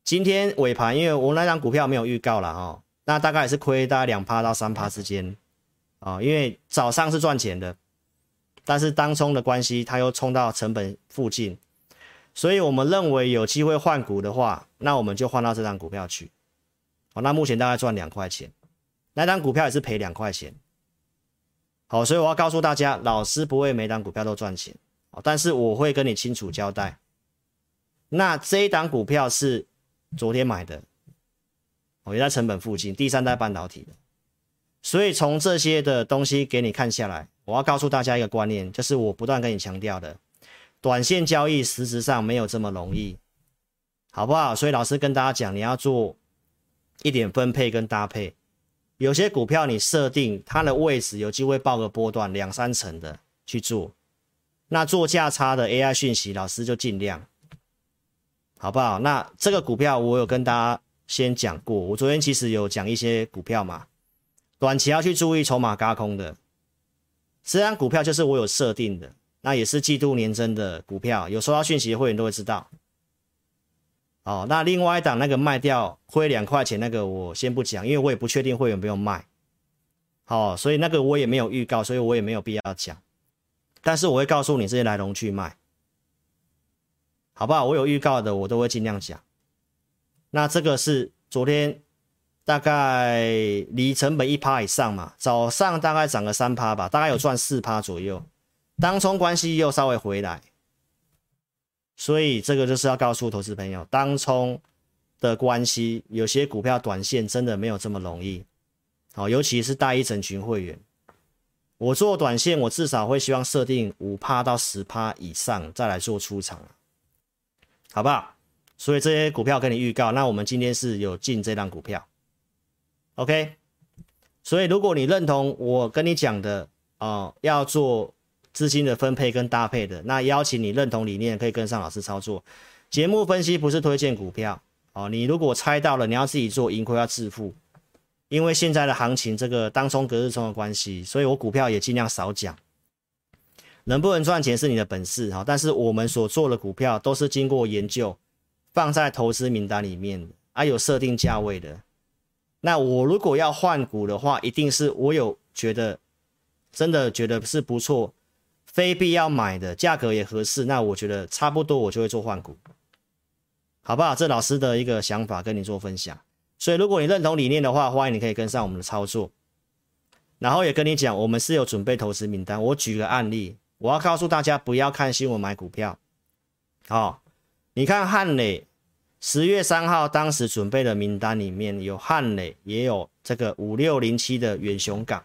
今天尾盤，因為我那檔股票沒有預告了哈、哦，那大概也是虧大概兩趴到三趴之間啊、哦，因為早上是賺錢的，但是當沖的關係，它又衝到成本附近，所以我們認為有機會換股的話，那我們就換到這張股票去，好、哦，那目前大概賺兩塊錢，那張股票也是賠兩塊錢，好、哦，所以我要告訴大家，老師不會每檔股票都賺錢，哦，但是我會跟你清楚交代，那這一檔股票是。昨天買的，我也在成本附近，第三代半導體的。所以從這些的東西給你看下來，我要告訴大家一個觀念，就是我不斷跟你強調的，短線交易實質上沒有這麼容易，好不好？所以老師跟大家講，你要做一點分配跟搭配，有些股票你設定它的位置，有機會抱個波段兩三成的去做，那做價差的 AI 訊息，老師就盡量。好不好？那這個股票我有跟大家先講過。我昨天其實有講一些股票嘛，短期要去注意籌碼軋空的。雖然股票就是我有設定的，那也是季度年增的股票，有收到訊息的會員都會知道。哦，那另外一檔那個賣掉虧兩塊錢那個，我先不講，因為我也不確定會員有沒有賣。好，所以那個我也沒有預告，所以我也沒有必要講。但是我會告訴你這些來龍去脈。好不好？我有預告的，我都會盡量講。那這個是昨天大概離成本一趴以上嘛？早上大概漲個三趴吧，大概有賺四趴左右。當沖關係又稍微回來，所以這個就是要告訴投資朋友，當沖的關係有些股票短線真的沒有這麼容易。好，尤其是帶一整群會員，我做短線，我至少會希望設定五趴到十趴以上，再來做出場。好不好？所以這些股票跟你預告，那我們今天是有進這檔股票，OK？所以如果你認同我跟你講的哦、呃，要做資金的分配跟搭配的，那邀請你認同理念，可以跟上老師操作。節目分析不是推薦股票哦、呃，你如果猜到了，你要自己做盈虧要自負，因為現在的行情這個當沖隔日沖的關係，所以我股票也盡量少講。能不能賺錢是你的本事哈，但是我們所做的股票都是經過研究，放在投資名單裡面的，還、啊、有設定價位的。那我如果要換股的話，一定是我有覺得真的覺得是不錯，非必要買的，價格也合適，那我覺得差不多，我就會做換股，好不好？這老師的一個想法跟你做分享。所以如果你認同理念的話，歡迎你可以跟上我們的操作。然後也跟你講，我們是有準備投資名單，我舉個案例。我要告訴大家，不要看新聞買股票。好，你看漢磊，十月三號當時準備的名單裡面有漢磊，也有這個五六零七的遠雄港，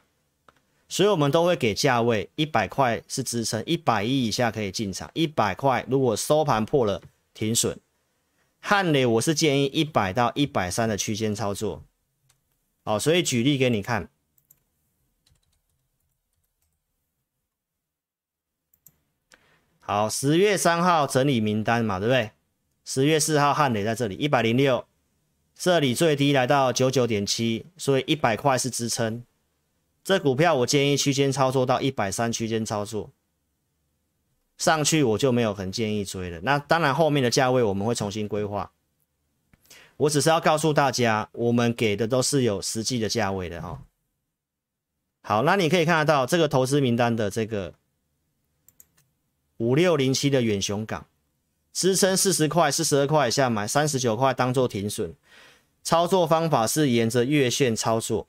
所以我們都會給價位，一百塊是支撐，一百一以下可以進場，一百塊如果收盤破了停損。漢磊我是建議一百到一百三的區間操作。好，所以舉例給你看。好，十月三號整理名單嘛，對不對？十月四號漢磊在這裡一百零六，106, 這裡最低來到九九點七，所以一百塊是支撐。這股票我建議區間操作到一百三區間操作，上去我就沒有很建議追了。那當然後面的價位我們會重新規劃，我只是要告訴大家，我們給的都是有實際的價位的哈、哦。好，那你可以看得到這個投資名單的這個。五六零七的遠雄港支撐四十塊、四十二塊以下買三十九塊當做停損，操作方法是沿着月線操作。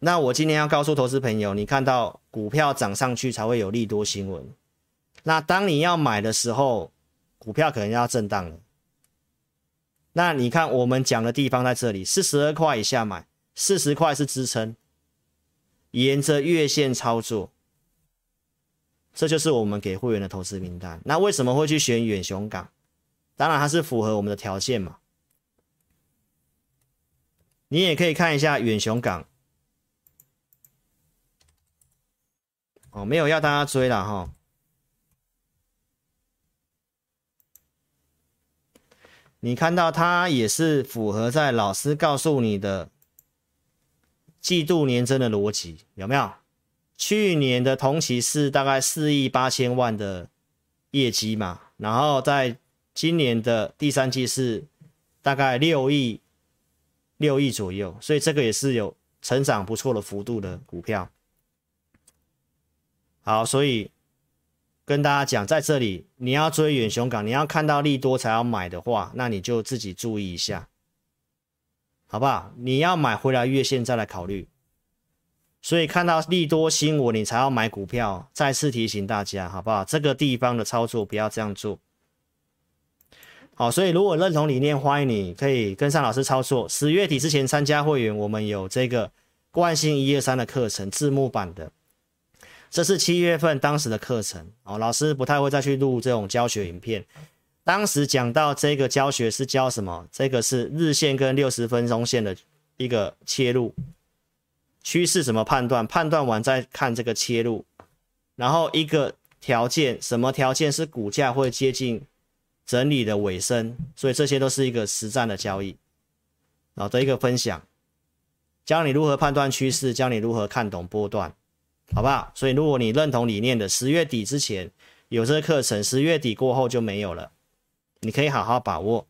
那我今天要告訴投資朋友，你看到股票漲上去才會有利多新聞。那當你要買的時候，股票可能要震盪了。那你看我們講的地方在這裡，四十二塊以下買，四十塊是支撐，沿着月線操作。這就是我們給會員的投資名單。那為什麼會去選遠雄港？當然，它是符合我們的條件嘛。你也可以看一下遠雄港。哦，沒有要大家追了哈。你看到它也是符合在老師告訴你的季度年增的邏輯，有沒有？去年的同期是大概四億八千萬的業績嘛，然後在今年的第三季是大概六億六億左右，所以這個也是有成長不錯的幅度的股票。好，所以跟大家講，在這裡你要追遠雄港，你要看到利多才要買的話，那你就自己注意一下，好不好？你要買回來月線再來考慮。所以看到利多新聞，你才要買股票。再次提醒大家，好不好？這個地方的操作不要這樣做。好，所以如果認同理念，歡迎你可以跟上老師操作。十月底之前參加會員，我們有這個慣性一二三的課程字幕版的。這是七月份當時的課程。哦，老師不太會再去錄這種教學影片。當時講到這個教學是教什麼？這個是日線跟六十分鐘線的一個切入。趨勢怎麼判斷？判斷完再看這個切入，然後一個條件，什麼條件是股價會接近整理的尾聲？所以這些都是一個實戰的交易啊，這一個分享，教你如何判斷趨勢，教你如何看懂波段，好不好？所以如果你認同理念的，十月底之前有這個課程，十月底過後就沒有了，你可以好好把握。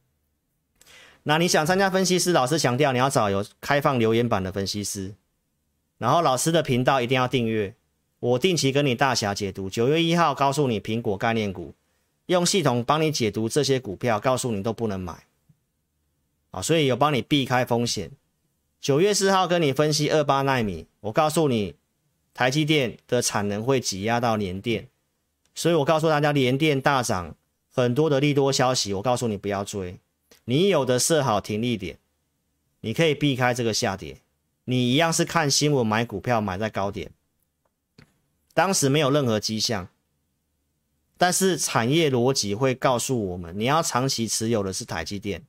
那你想參加分析師，老師強調你要找有開放留言板的分析師。然後老師的頻道一定要訂閱，我定期跟你大俠解讀。九月一號告訴你蘋果概念股，用系統幫你解讀這些股票，告訴你都不能買，啊，所以有幫你避開風險。九月四號跟你分析二八奈米，我告訴你台積電的產能會擠壓到聯電，所以我告訴大家聯電大漲很多的利多消息，我告訴你不要追，你有的設好停利點，你可以避開這個下跌。你一樣是看新聞買股票，買在高點，當時沒有任何跡象，但是產業邏輯會告訴我們，你要長期持有的是台積電，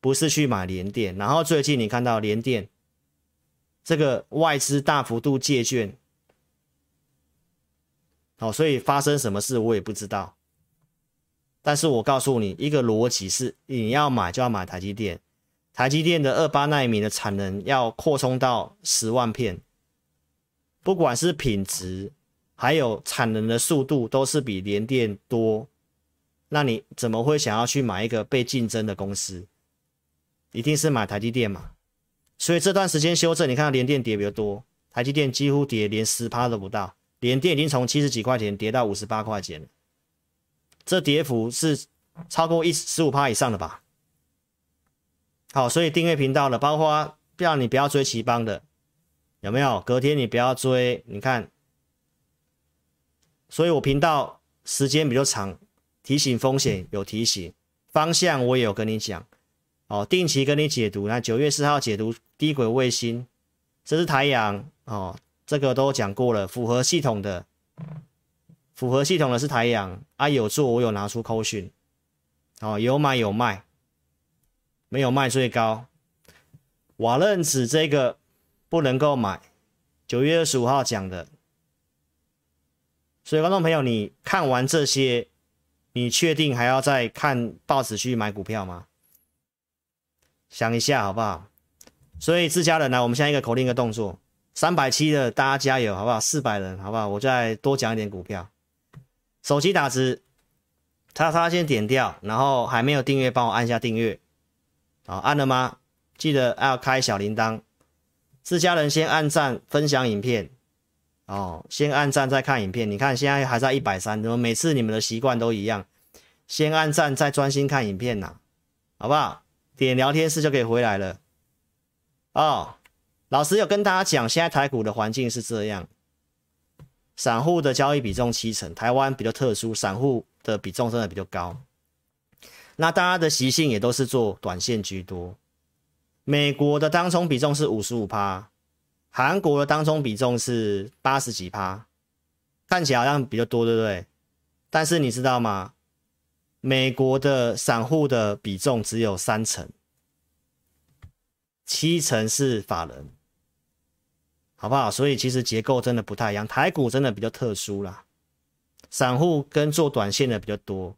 不是去買聯電。然後最近你看到聯電這個外資大幅度借券，好，所以發生什麼事我也不知道，但是我告訴你一個邏輯是，你要買就要買台積電。台積電的二八奈米的產能要擴充到十萬片，不管是品質，還有產能的速度，都是比聯電多。那你怎麼會想要去買一個被競爭的公司？一定是買台積電嘛。所以這段時間修正，你看到聯電跌比較多，台積電幾乎跌連十趴都不到。聯電已經從七十幾塊錢跌到五十八塊錢了，這跌幅是超過一十五趴以上的吧？好，所以訂閱頻道的，包括不要你不要追奇邦的，有沒有？隔天你不要追，你看。所以我頻道時間比較長，提醒風險有提醒，方向我也有跟你講。哦，定期跟你解讀，那九月四號解讀低軌衛星，這是台揚哦，這個都講過了，符合系統的，符合系統的是台揚啊。有做我有拿出扣訊，哦，有買有賣。沒有賣最高，我認識這個不能夠買。九月二十五號講的，所以觀眾朋友，你看完這些，你確定還要再看報紙去買股票嗎？想一下好不好？所以自家人來，我們現在一個口令一個動作，三百七的大家加油好不好？四百人好不好？我再多講一點股票，手機打字，他他先點掉，然後還沒有訂閱，幫我按下訂閱。好、哦，按了嗎？記得要開小鈴鐺。自家人先按讚分享影片哦，先按讚再看影片。你看現在還在一百三，怎麼每次你們的習慣都一樣？先按讚再專心看影片吶、啊，好不好？點聊天室就可以回來了。哦，老師有跟大家講，現在台股的環境是這樣，散戶的交易比重七成，台灣比較特殊，散戶的比重真的比較高。那大家的習性也都是做短線居多。美國的當沖比重是五十五趴，韓國的當沖比重是八十幾趴，看起來好像比較多，對不對？但是你知道嗎？美國的散戶的比重只有三成，七成是法人，好不好？所以其實結構真的不太一樣，台股真的比較特殊啦，散戶跟做短線的比較多。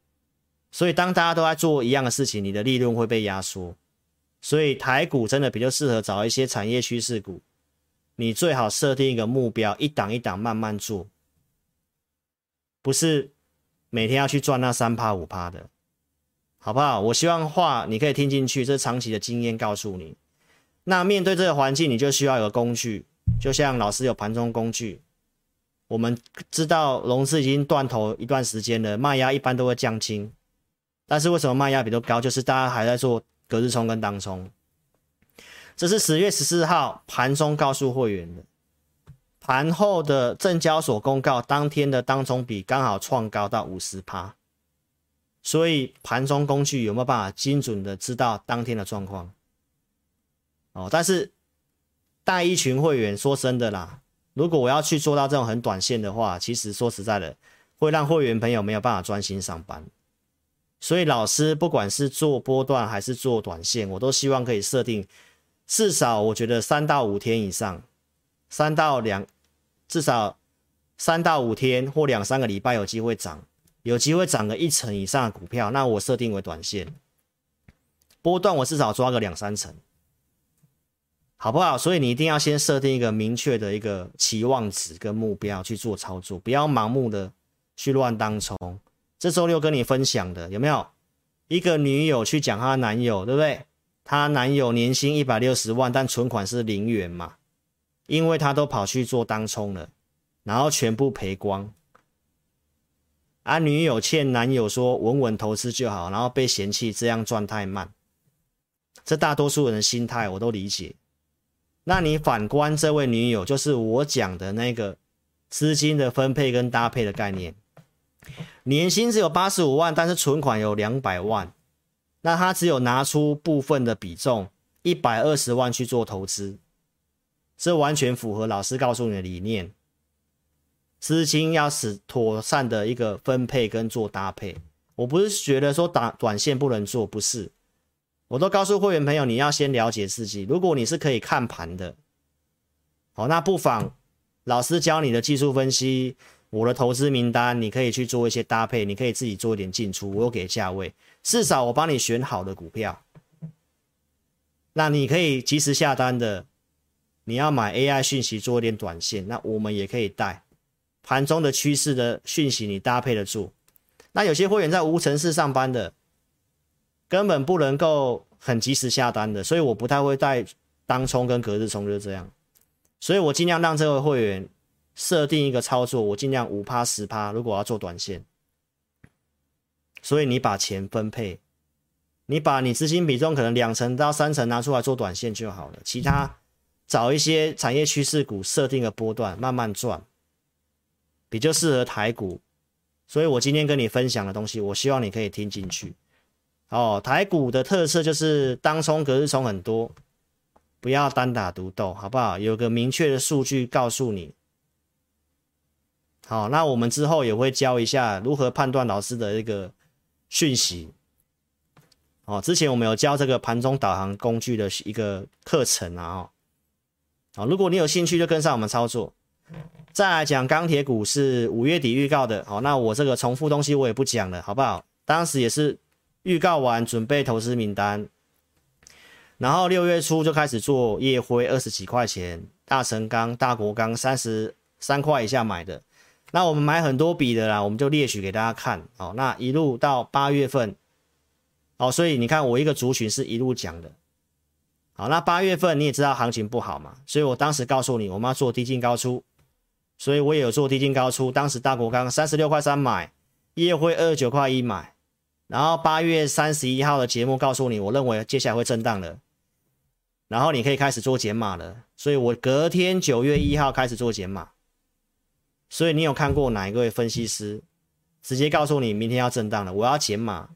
所以，當大家都在做一樣的事情，你的利潤會被壓縮。所以，台股真的比較適合找一些產業趨勢股。你最好設定一個目標，一檔一檔慢慢做，不是每天要去賺那三趴五趴的，好不好？我希望話你可以聽進去，這是長期的經驗告訴你。那面對這個環境，你就需要有個工具，就像老師有盤中工具。我們知道，融資已經斷頭一段時間了，賣壓一般都會降輕。但是為什麼賣壓比較高？就是大家還在做隔日沖跟當沖。這是十月十四號盤中告訴會員的，盤後的證交所公告，當天的當沖比剛好創高到五十趴。所以盤中工具有沒有辦法精準的知道當天的狀況？哦，但是帶一群會員說真的啦，如果我要去做到這種很短線的話，其實說實在的，會讓會員朋友沒有辦法專心上班。所以老師不管是做波段還是做短線，我都希望可以設定，至少我覺得三到五天以上，三到兩，至少三到五天或兩三個禮拜有機會漲，有機會漲個一成以上的股票，那我設定為短線。波段我至少抓個兩三成，好不好？所以你一定要先設定一個明確的一個期望值跟目標去做操作，不要盲目的去亂當沖。這週六跟你分享的有沒有一個女友去講她男友，對不對？她男友年薪一百六十萬，但存款是零元嘛？因為他都跑去做當沖了，然後全部賠光。啊，女友欠男友說穩穩投資就好，然後被嫌棄這樣賺太慢。這大多數人的心態我都理解。那你反觀這位女友，就是我講的那個資金的分配跟搭配的概念。年薪只有八十五萬，但是存款有兩百萬，那他只有拿出部分的比重一百二十萬去做投資，這完全符合老師告訴你的理念。資金要是妥善的一個分配跟做搭配，我不是覺得說打短線不能做，不是，我都告訴會員朋友，你要先了解自己。如果你是可以看盤的，好，那不妨老師教你的技術分析。我的投資名單，你可以去做一些搭配，你可以自己做一點進出，我又給價位，至少我幫你選好的股票。那你可以及時下單的，你要買 AI 訊息做一點短線，那我們也可以帶盤中的趨勢的訊息，你搭配得住。那有些會員在無塵室上班的，根本不能夠很及時下單的，所以我不太會帶當沖跟隔日沖就這樣。所以我儘量讓這位會員。設定一個操作，我盡量五趴十趴。如果我要做短線，所以你把錢分配，你把你資金比重可能兩成到三成拿出來做短線就好了。其他找一些產業趨勢股，設定個波段慢慢賺，比較適合台股。所以我今天跟你分享的東西，我希望你可以聽進去。哦，台股的特色就是當沖隔日沖很多，不要單打獨鬥，好不好？有個明確的數據告訴你。好，那我們之後也會教一下如何判斷老師的這個訊息。哦，之前我們有教這個盤中導航工具的一個課程啊，哦，如果你有興趣就跟上我們操作。再來講鋼鐵股，是五月底預告的，好，那我這個重複東西我也不講了，好不好？當時也是預告完準備投資名單，然後六月初就開始做燁輝，二十幾塊錢，大成鋼、大國鋼三十三塊以下買的。那我們買很多筆的啦，我們就列舉給大家看哦。那一路到八月份，哦，所以你看我一個族群是一路講的，好，那八月份你也知道行情不好嘛，所以我當時告訴你，我們要做低進高出，所以我也有做低進高出。當時大國鋼三十六塊三買，業會二十九塊一買，然後八月三十一號的節目告訴你，我認為接下來會震盪的，然後你可以開始做減碼了。所以我隔天九月一號開始做減碼。所以你有看過哪一位分析師直接告訴你明天要震盪了？我要減碼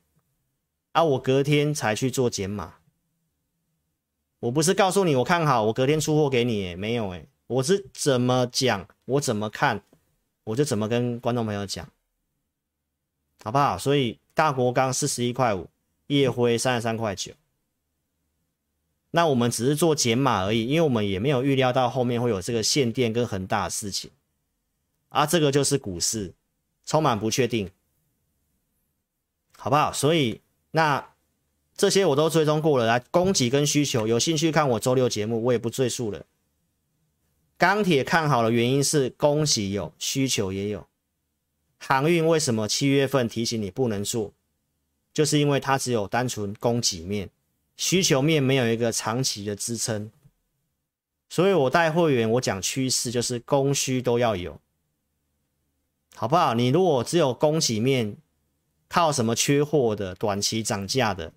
啊！我隔天才去做減碼。我不是告訴你我看好，我隔天出貨給你欸，沒有？哎，我是怎麼講，我怎麼看，我就怎麼跟觀眾朋友講，好不好？所以大國鋼四十一塊五，夜輝三十三塊九。那我們只是做減碼而已，因為我們也沒有預料到後面會有這個限電跟恆大的事情。啊，這個就是股市，充滿不確定，好不好？所以那這些我都追蹤過了。啊，供給跟需求，有興趣看我週六節目，我也不贅述了。鋼鐵看好的原因是供給有，需求也有。航運為什麼七月份提醒你不能做，就是因為它只有單純供給面，需求面沒有一個長期的支撐。所以我帶會員，我講趨勢就是供需都要有。好不好？你如果只有供給面，靠什麼缺貨的、短期漲價的，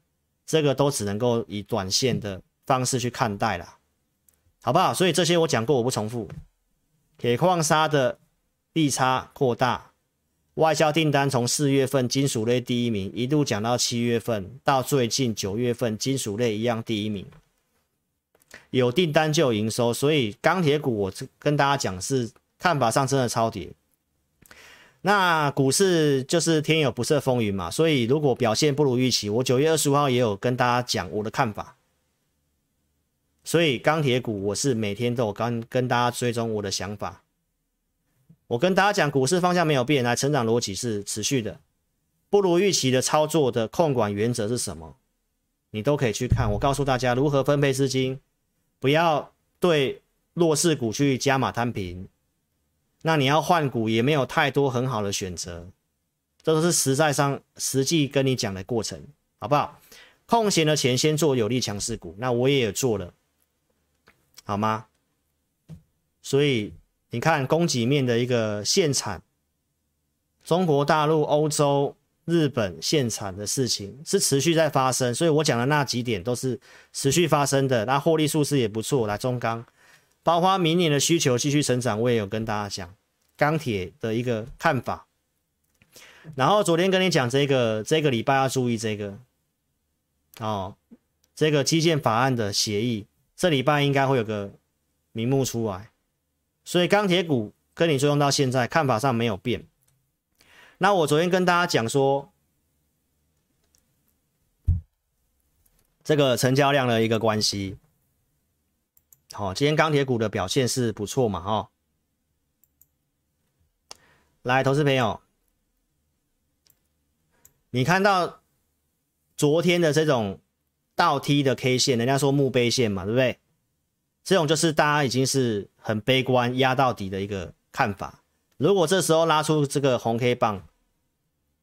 這個都只能夠以短線的方式去看待啦，好不好？所以這些我講過，我不重複。鐵礦砂的利差擴大，外銷訂單從四月份金屬類第一名，一度講到七月份，到最近九月份金屬類一樣第一名。有訂單就有營收，所以鋼鐵股我跟大家講是看法上真的超跌。那股市就是天有不測風雲嘛，所以如果表現不如預期，我九月二十五號也有跟大家講我的看法。所以鋼鐵股我是每天都有跟跟大家追蹤我的想法。我跟大家講，股市方向沒有變，來成長邏輯是持續的。不如預期的操作的控管原則是什麼？你都可以去看。我告訴大家如何分配資金，不要對弱勢股去加碼攤平。那你要換股也沒有太多很好的選擇，這都是實在上實際跟你講的過程，好不好？空閒的錢先做有利強勢股，那我也有做了，好嗎？所以你看供給面的一個限產，中國大陸、歐洲、日本限產的事情是持續在發生，所以我講的那幾點都是持續發生的。那獲利數字也不錯，來中鋼，包括明年的需求繼續成長，我也有跟大家講鋼鐵的一個看法。然後昨天跟你講這個，這個禮拜要注意這個哦，這個基建法案的協議，這禮拜應該會有個名目出來，所以鋼鐵股跟你作用到現在看法上沒有變。那我昨天跟大家講說，這個成交量的一個關係。好，今天鋼鐵股的表現是不錯嘛？哦。來，投資朋友，你看到昨天的這種倒 T 的 K 線，人家說墓碑線嘛，對不對？這種就是大家已經是很悲觀、壓到底的一個看法。如果這時候拉出這個紅 K 棒，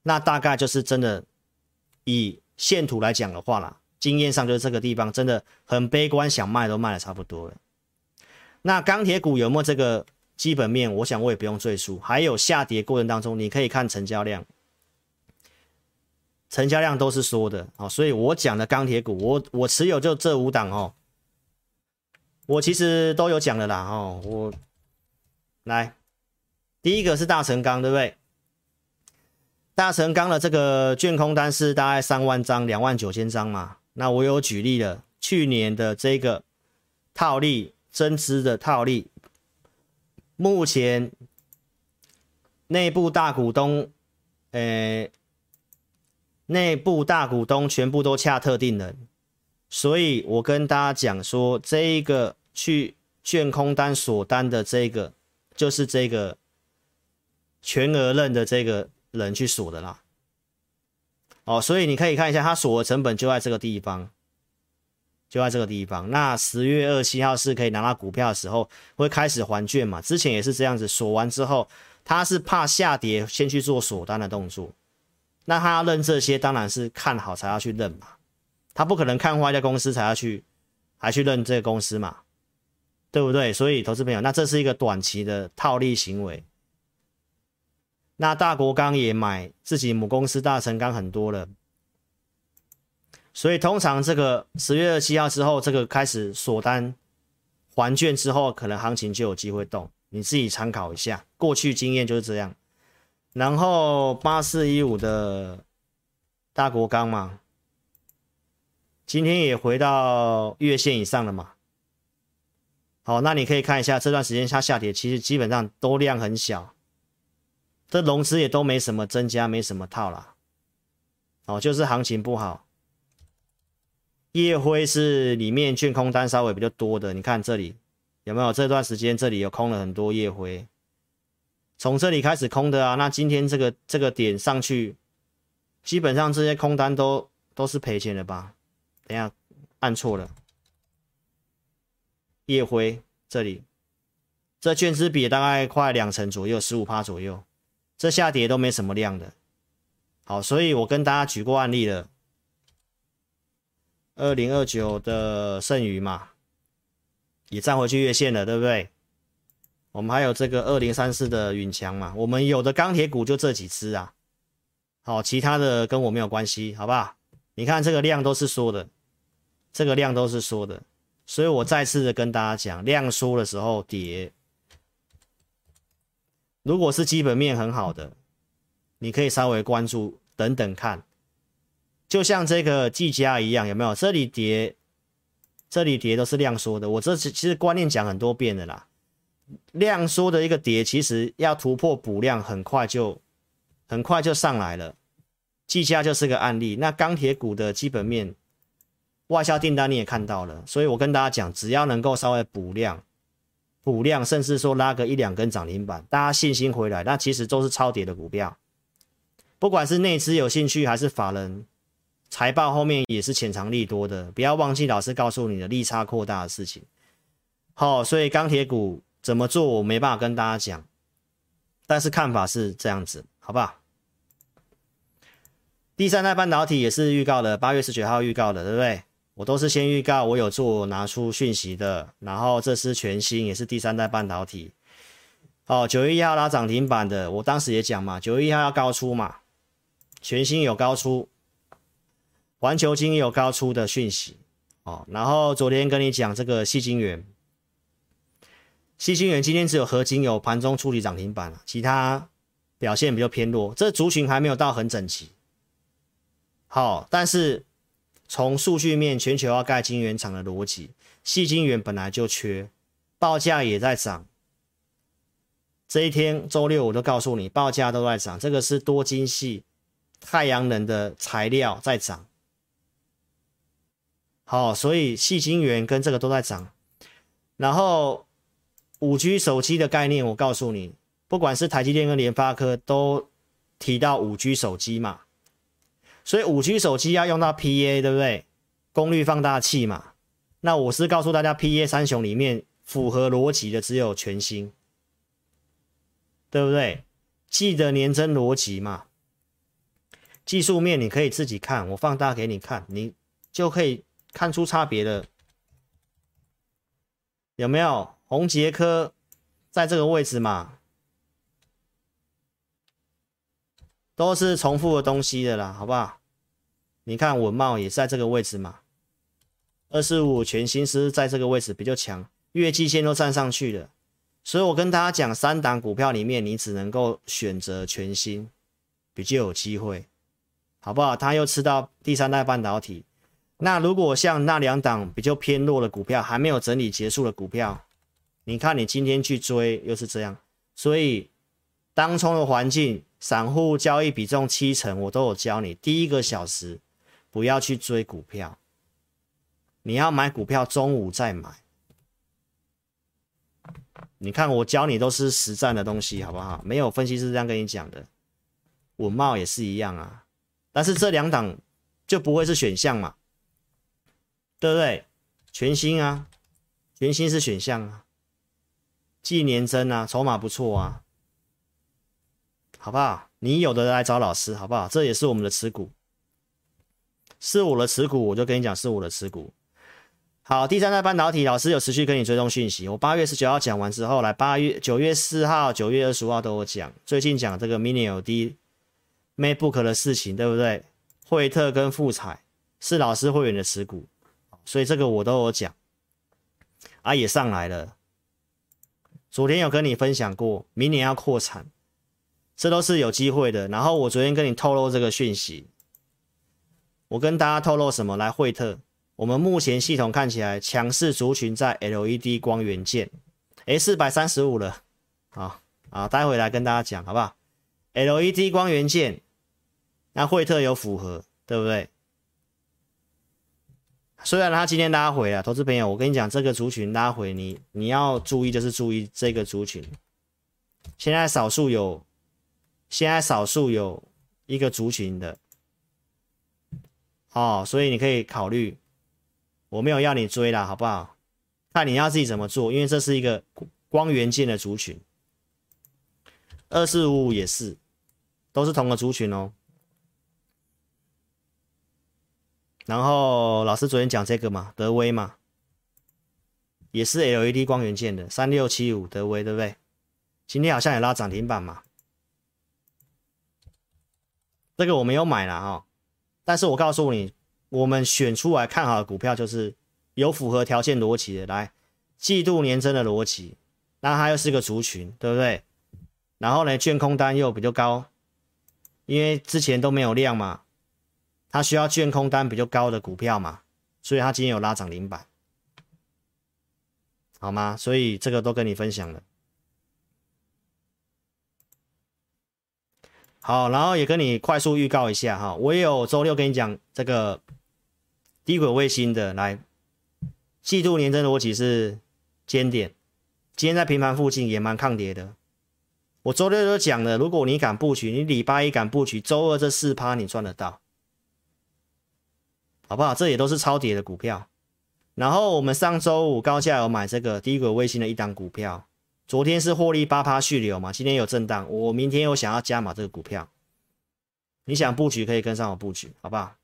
那大概就是真的。以線圖來講的話啦，經驗上就是這個地方真的很悲觀，想賣都賣的差不多了。那鋼鐵股有沒有這個基本面？我想我也不用贅述。還有下跌過程當中，你可以看成交量，成交量都是縮的啊。所以我講的鋼鐵股，我我持有就這五檔哦。我其實都有講的啦哦。我來，第一個是大成鋼，對不對？大成鋼的這個券空單是大概三萬張、兩萬九千張嘛。那我有舉例了，去年的這個套利。增資的套利，目前內部大股東，誒、欸，內部大股東全部都洽特定人，所以我跟大家講說，這一個去券空單鎖單的這個，就是這個全額認的這個人去鎖的啦。哦，所以你可以看一下，他鎖的成本就在這個地方，就在這個地方，那十月二十七號是可以拿到股票的時候，會開始還券嘛。之前也是這樣子鎖完之後，他是怕下跌，先去做鎖單的動作。那他要認這些，當然是看好才要去認嘛。他不可能看壞一家公司才要去，還去認這個公司嘛，對不對？所以，投資朋友，那這是一個短期的套利行為。那大國鋼也買自己母公司大成鋼很多了。所以通常這個十月二十七號之後，這個開始鎖單還券之後，可能行情就有機會動。你自己參考一下，過去經驗就是這樣。然後八四一五的大國鋼嘛，今天也回到月線以上了嘛。好，那你可以看一下這段時間它下跌，其實基本上都量很小，這融資也都沒什麼增加，沒什麼套啦。哦，就是行情不好。夜輝是裡面券空單稍微比較多的，你看這裡有沒有，這段時間這裡有空了很多夜輝，從這裡開始空的啊。那今天這個這個點上去，基本上這些空單都都是賠錢的吧？等一下按錯了，夜輝這裡這券資比大概快兩成左右，十五趴左右，這下跌都沒什麼量的。好，所以我跟大家舉過案例了。二零二九的盛餘嘛，也站回去月線了，對不對？我們還有這個二零三四的允強嘛，我們有的鋼鐵股就這幾隻啊。好，其他的跟我沒有關係，好不好？你看這個量都是縮的，這個量都是縮的，所以我再次的跟大家講，量縮的時候跌。如果是基本面很好的，你可以稍微關注，等等看。就像這個技嘉一樣，有沒有？這裡跌，這裡跌都是量縮的。我這其實觀念講很多遍的啦，量縮的一個跌，其實要突破補量，很快就很快就上來了。技嘉就是個案例。那鋼鐵股的基本面，外銷訂單你也看到了，所以我跟大家講，只要能夠稍微補量，補量，甚至說拉個一兩根漲停板，大家信心回來，那其實都是超跌的股票，不管是內資有興趣還是法人，財報後面也是潛藏利多的，不要忘記老師告訴你的利差擴大的事情。好、哦，所以鋼鐵股怎麼做，我沒辦法跟大家講，但是看法是這樣子，好吧？第三代半導體也是預告的，八月十九號預告的，對不對？我都是先預告，我有做，我拿出訊息的。然後這是全新，也是第三代半導體。哦，九月一號拉漲停板的，我當時也講嘛，九月一號要高出嘛，全新有高出。環球晶有高出的訊息哦，然後昨天跟你講這個矽晶圓、矽晶圓今天只有合晶有盤中處理漲停板了，其他表現比較偏弱，這族群還沒有到很整齊。好、哦，但是從數據面，全球要蓋晶圓廠的邏輯，矽晶圓本來就缺，報價也在漲。這一天週六我都告訴你，報價都在漲，這個是多晶矽太陽能的材料在漲。好、哦，所以矽晶圓跟這個都在漲，然後五 G 手機的概念，我告訴你，不管是台積電跟聯發科都提到五 G 手機嘛，所以五 G 手機要用到 PA 對不對？功率放大器嘛，那我是告訴大家，PA 三雄裡面符合邏輯的只有全新。對不對？記得年增邏輯嘛，技術面你可以自己看，我放大給你看，你就可以。看出差別了，有沒有？宏捷科在這個位置嘛，都是重複的東西的啦，好不好？你看穩懋也是在這個位置嘛，二四五五全新是在這個位置比較強，月季線都站上去了，所以我跟大家講，三檔股票裡面你只能夠選擇全新比較有機會，好不好？他又吃到第三代半導體。那如果像那兩檔比較偏弱的股票，還沒有整理結束的股票，你看你今天去追又是這樣，所以當沖的環境，散戶交易比重七成，我都有教你，第一個小時不要去追股票，你要買股票中午再買。你看我教你都是實戰的東西，好不好？沒有分析師這樣跟你講的，穩懋也是一樣啊，但是這兩檔就不會是選項嘛。對不對？全新啊，全新是選項啊，季年增啊，籌碼不錯啊，好不好？你有的來找老師，好不好？這也是我們的持股，是我的持股，我就跟你講是我的持股。好，第三代半導體，老師有持續跟你追蹤訊息。我八月十九號講完之後，來八月九月四號、九月二十五號都有講。最近講這個 Mini LED、MacBook 的事情，對不對？惠特跟富采是老師會員的持股。所以這個我都有講，啊，也上來了。昨天有跟你分享過，明年要擴產，這都是有機會的。然後我昨天跟你透露這個訊息，我跟大家透露什麼？來惠特，我們目前系統看起來強勢族群在 LED 光元件，哎四百三十五了，啊啊，待會來跟大家講好不好？LED 光元件，那惠特有符合，對不對？雖然他今天拉回了，投資朋友，我跟你講，這個族群拉回你，你你要注意就是注意這個族群。現在少數有，現在少數有一個族群的，哦，所以你可以考慮，我沒有要你追啦，好不好？看你要自己怎麼做，因為這是一個光元件的族群，二四五五也是，都是同個族群哦。然後老師昨天講這個嘛，德威嘛，也是 LED 光元件的，3675德威對不對？今天好像也拉漲停板嘛，這個我沒有買啦哦。但是我告訴你，我們選出來看好的股票就是有符合條件邏輯的，來季度年增的邏輯，那它又是個族群，對不對？然後呢，券空單又比較高，因為之前都沒有量嘛。它需要券空單比較高的股票嘛，所以它今天有拉漲停板，好嗎？所以這個都跟你分享了。好，然後也跟你快速預告一下哈，我也有週六跟你講這個低軌衛星的來，季度年增邏輯是尖點，今天在平盤附近也蠻抗跌的。我週六都講了，如果你敢佈局，你禮拜一敢佈局，週二這四趴你賺得到。好不好？這也都是超跌的股票。然後我們上周五高價有買這個低軌衛星的一檔股票，昨天是獲利八趴，續留嘛，今天有震盪，我明天又想要加碼這個股票。你想布局可以跟上我布局，好不好？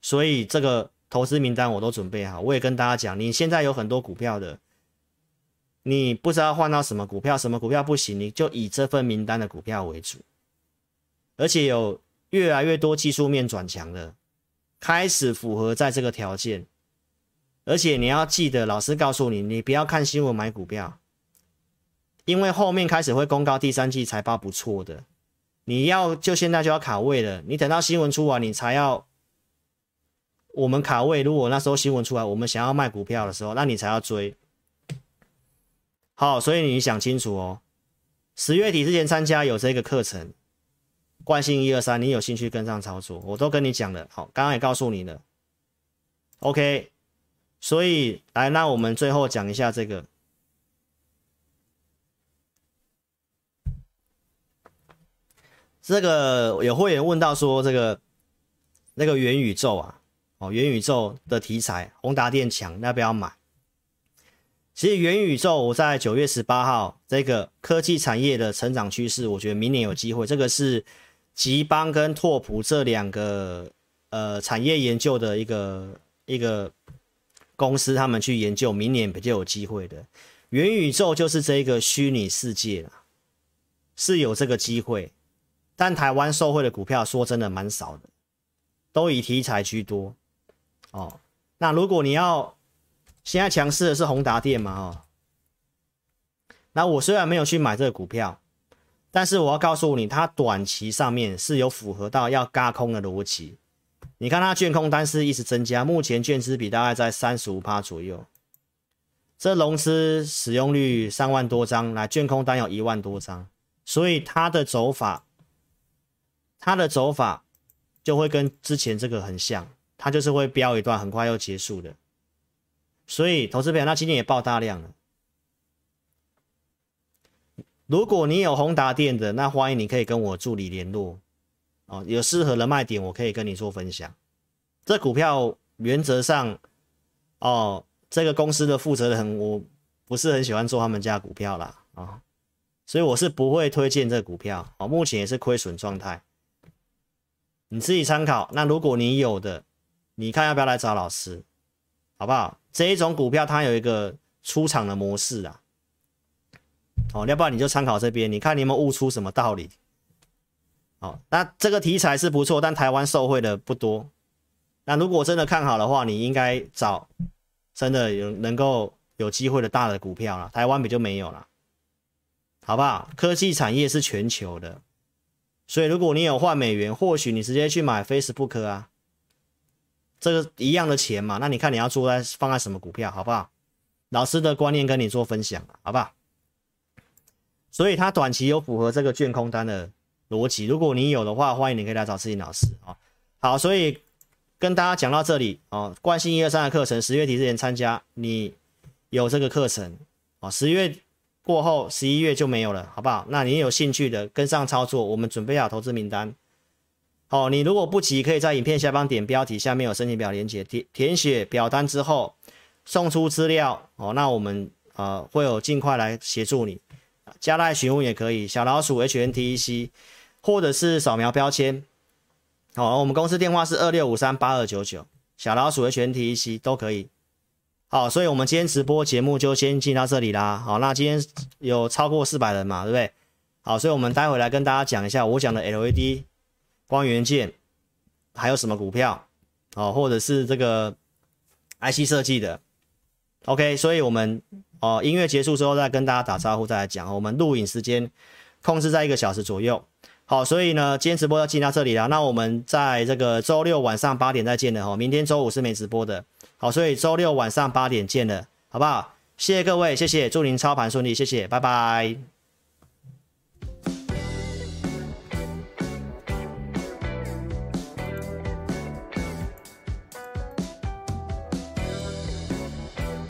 所以這個投資名單我都準備好，我也跟大家講，你現在有很多股票的，你不知道換到什麼股票，什麼股票不行，你就以這份名單的股票為主，而且有越來越多技術面轉強的。開始符合在這個條件，而且你要記得，老師告訴你，你不要看新聞買股票，因為後面開始會公告第三季財報不錯的，你要就現在就要卡位了，你等到新聞出來你才要。我們卡位，如果那時候新聞出來，我們想要賣股票的時候，那你才要追。好，所以你想清楚哦，十月底之前參加有這個課程。慣性一二三，你有興趣跟上操作，我都跟你講了，好，剛剛也告訴你了，OK，所以來那我們最後講一下這個，這個有會員問到說這個那個元宇宙啊，哦元宇宙的題材，宏達電強，要不要買？其實元宇宙我在九月十八號這個科技產業的成長趨勢，我覺得明年有機會，這個是。集邦跟拓墣這兩個呃產業研究的一個一個公司，他們去研究明年比較有機會的元宇宙，就是這一個虛擬世界啦，是有這個機會，但台灣受惠的股票說真的蠻少的，都以題材居多。哦，那如果你要現在強勢的是宏達電嘛，哦，那我雖然沒有去買這個股票，但是我要告訴你，它短期上面是有符合到要軋空的邏輯。你看它的券空單，是一直增加，目前券資比大概在三十五趴左右，這融資使用率三萬多張，來券空單有一萬多張，所以它的走法，它的走法就會跟之前這個很像，它就是會飆一段，很快又結束的。所以投資朋友，那今天也爆大量了。如果你有宏達電的，那歡迎你可以跟我助理聯絡哦，有適合的賣點，我可以跟你做分享。這股票原則上，哦，這個公司的負責人我不是很喜歡做他們家股票啦啊、哦，所以我是不會推薦這股票哦。目前也是虧損狀態，你自己參考。那如果你有的，你看要不要來找老師，好不好？這一種股票它有一個出場的模式啊。哦，要不然你就參考這邊，你看你有沒有悟出什麼道理？好、哦，那這個題材是不錯，但台灣受惠的不多。那如果真的看好的話，你應該找真的有能夠有機會的大的股票了。台灣比就沒有了，好不好？科技產業是全球的，所以如果你有換美元，或許你直接去買 Facebook 啊，這個一樣的錢嘛。那你看你要做在放在什麼股票，好不好？老師的觀念跟你做分享，好不好？所以它短期有符合這個誘空單的邏輯，如果你有的話，歡迎你可以來找思穎老師啊。好，所以跟大家講到這裡哦。慣性一、二、三的課程，十月底之前參加，你有這個課程啊。哦、十月過後，十一月就沒有了，好不好？那你有興趣的跟上操作，我們準備好投資名單哦。你如果不急，可以在影片下方點標題，下面有申請表連接，填填寫表單之後送出資料哦。那我們呃會有盡快來協助你。加賴詢問也可以，小老鼠 HNTEC，或者是掃描標籤，好、哦，我們公司電話是二六五三八二九九，小老鼠 HNTEC 都可以。好，所以我們今天直播節目就先進到這裡啦。好，那今天有超過四百人嘛，對不對？好，所以我們待會來跟大家講一下我講的 LED 光元件還有什麼股票，好、哦，或者是這個 IC 設計的。OK，所以我們。哦，音樂結束之後再跟大家打招呼，再來講。我們錄影時間控制在一個小時左右。好，所以呢，今天直播就進到這裡了。那我們在這個週六晚上八點再見了哈。明天周五是沒直播的。好，所以周六晚上八點見了，好不好？謝謝各位，謝謝，祝您操盤順利，謝謝，拜拜。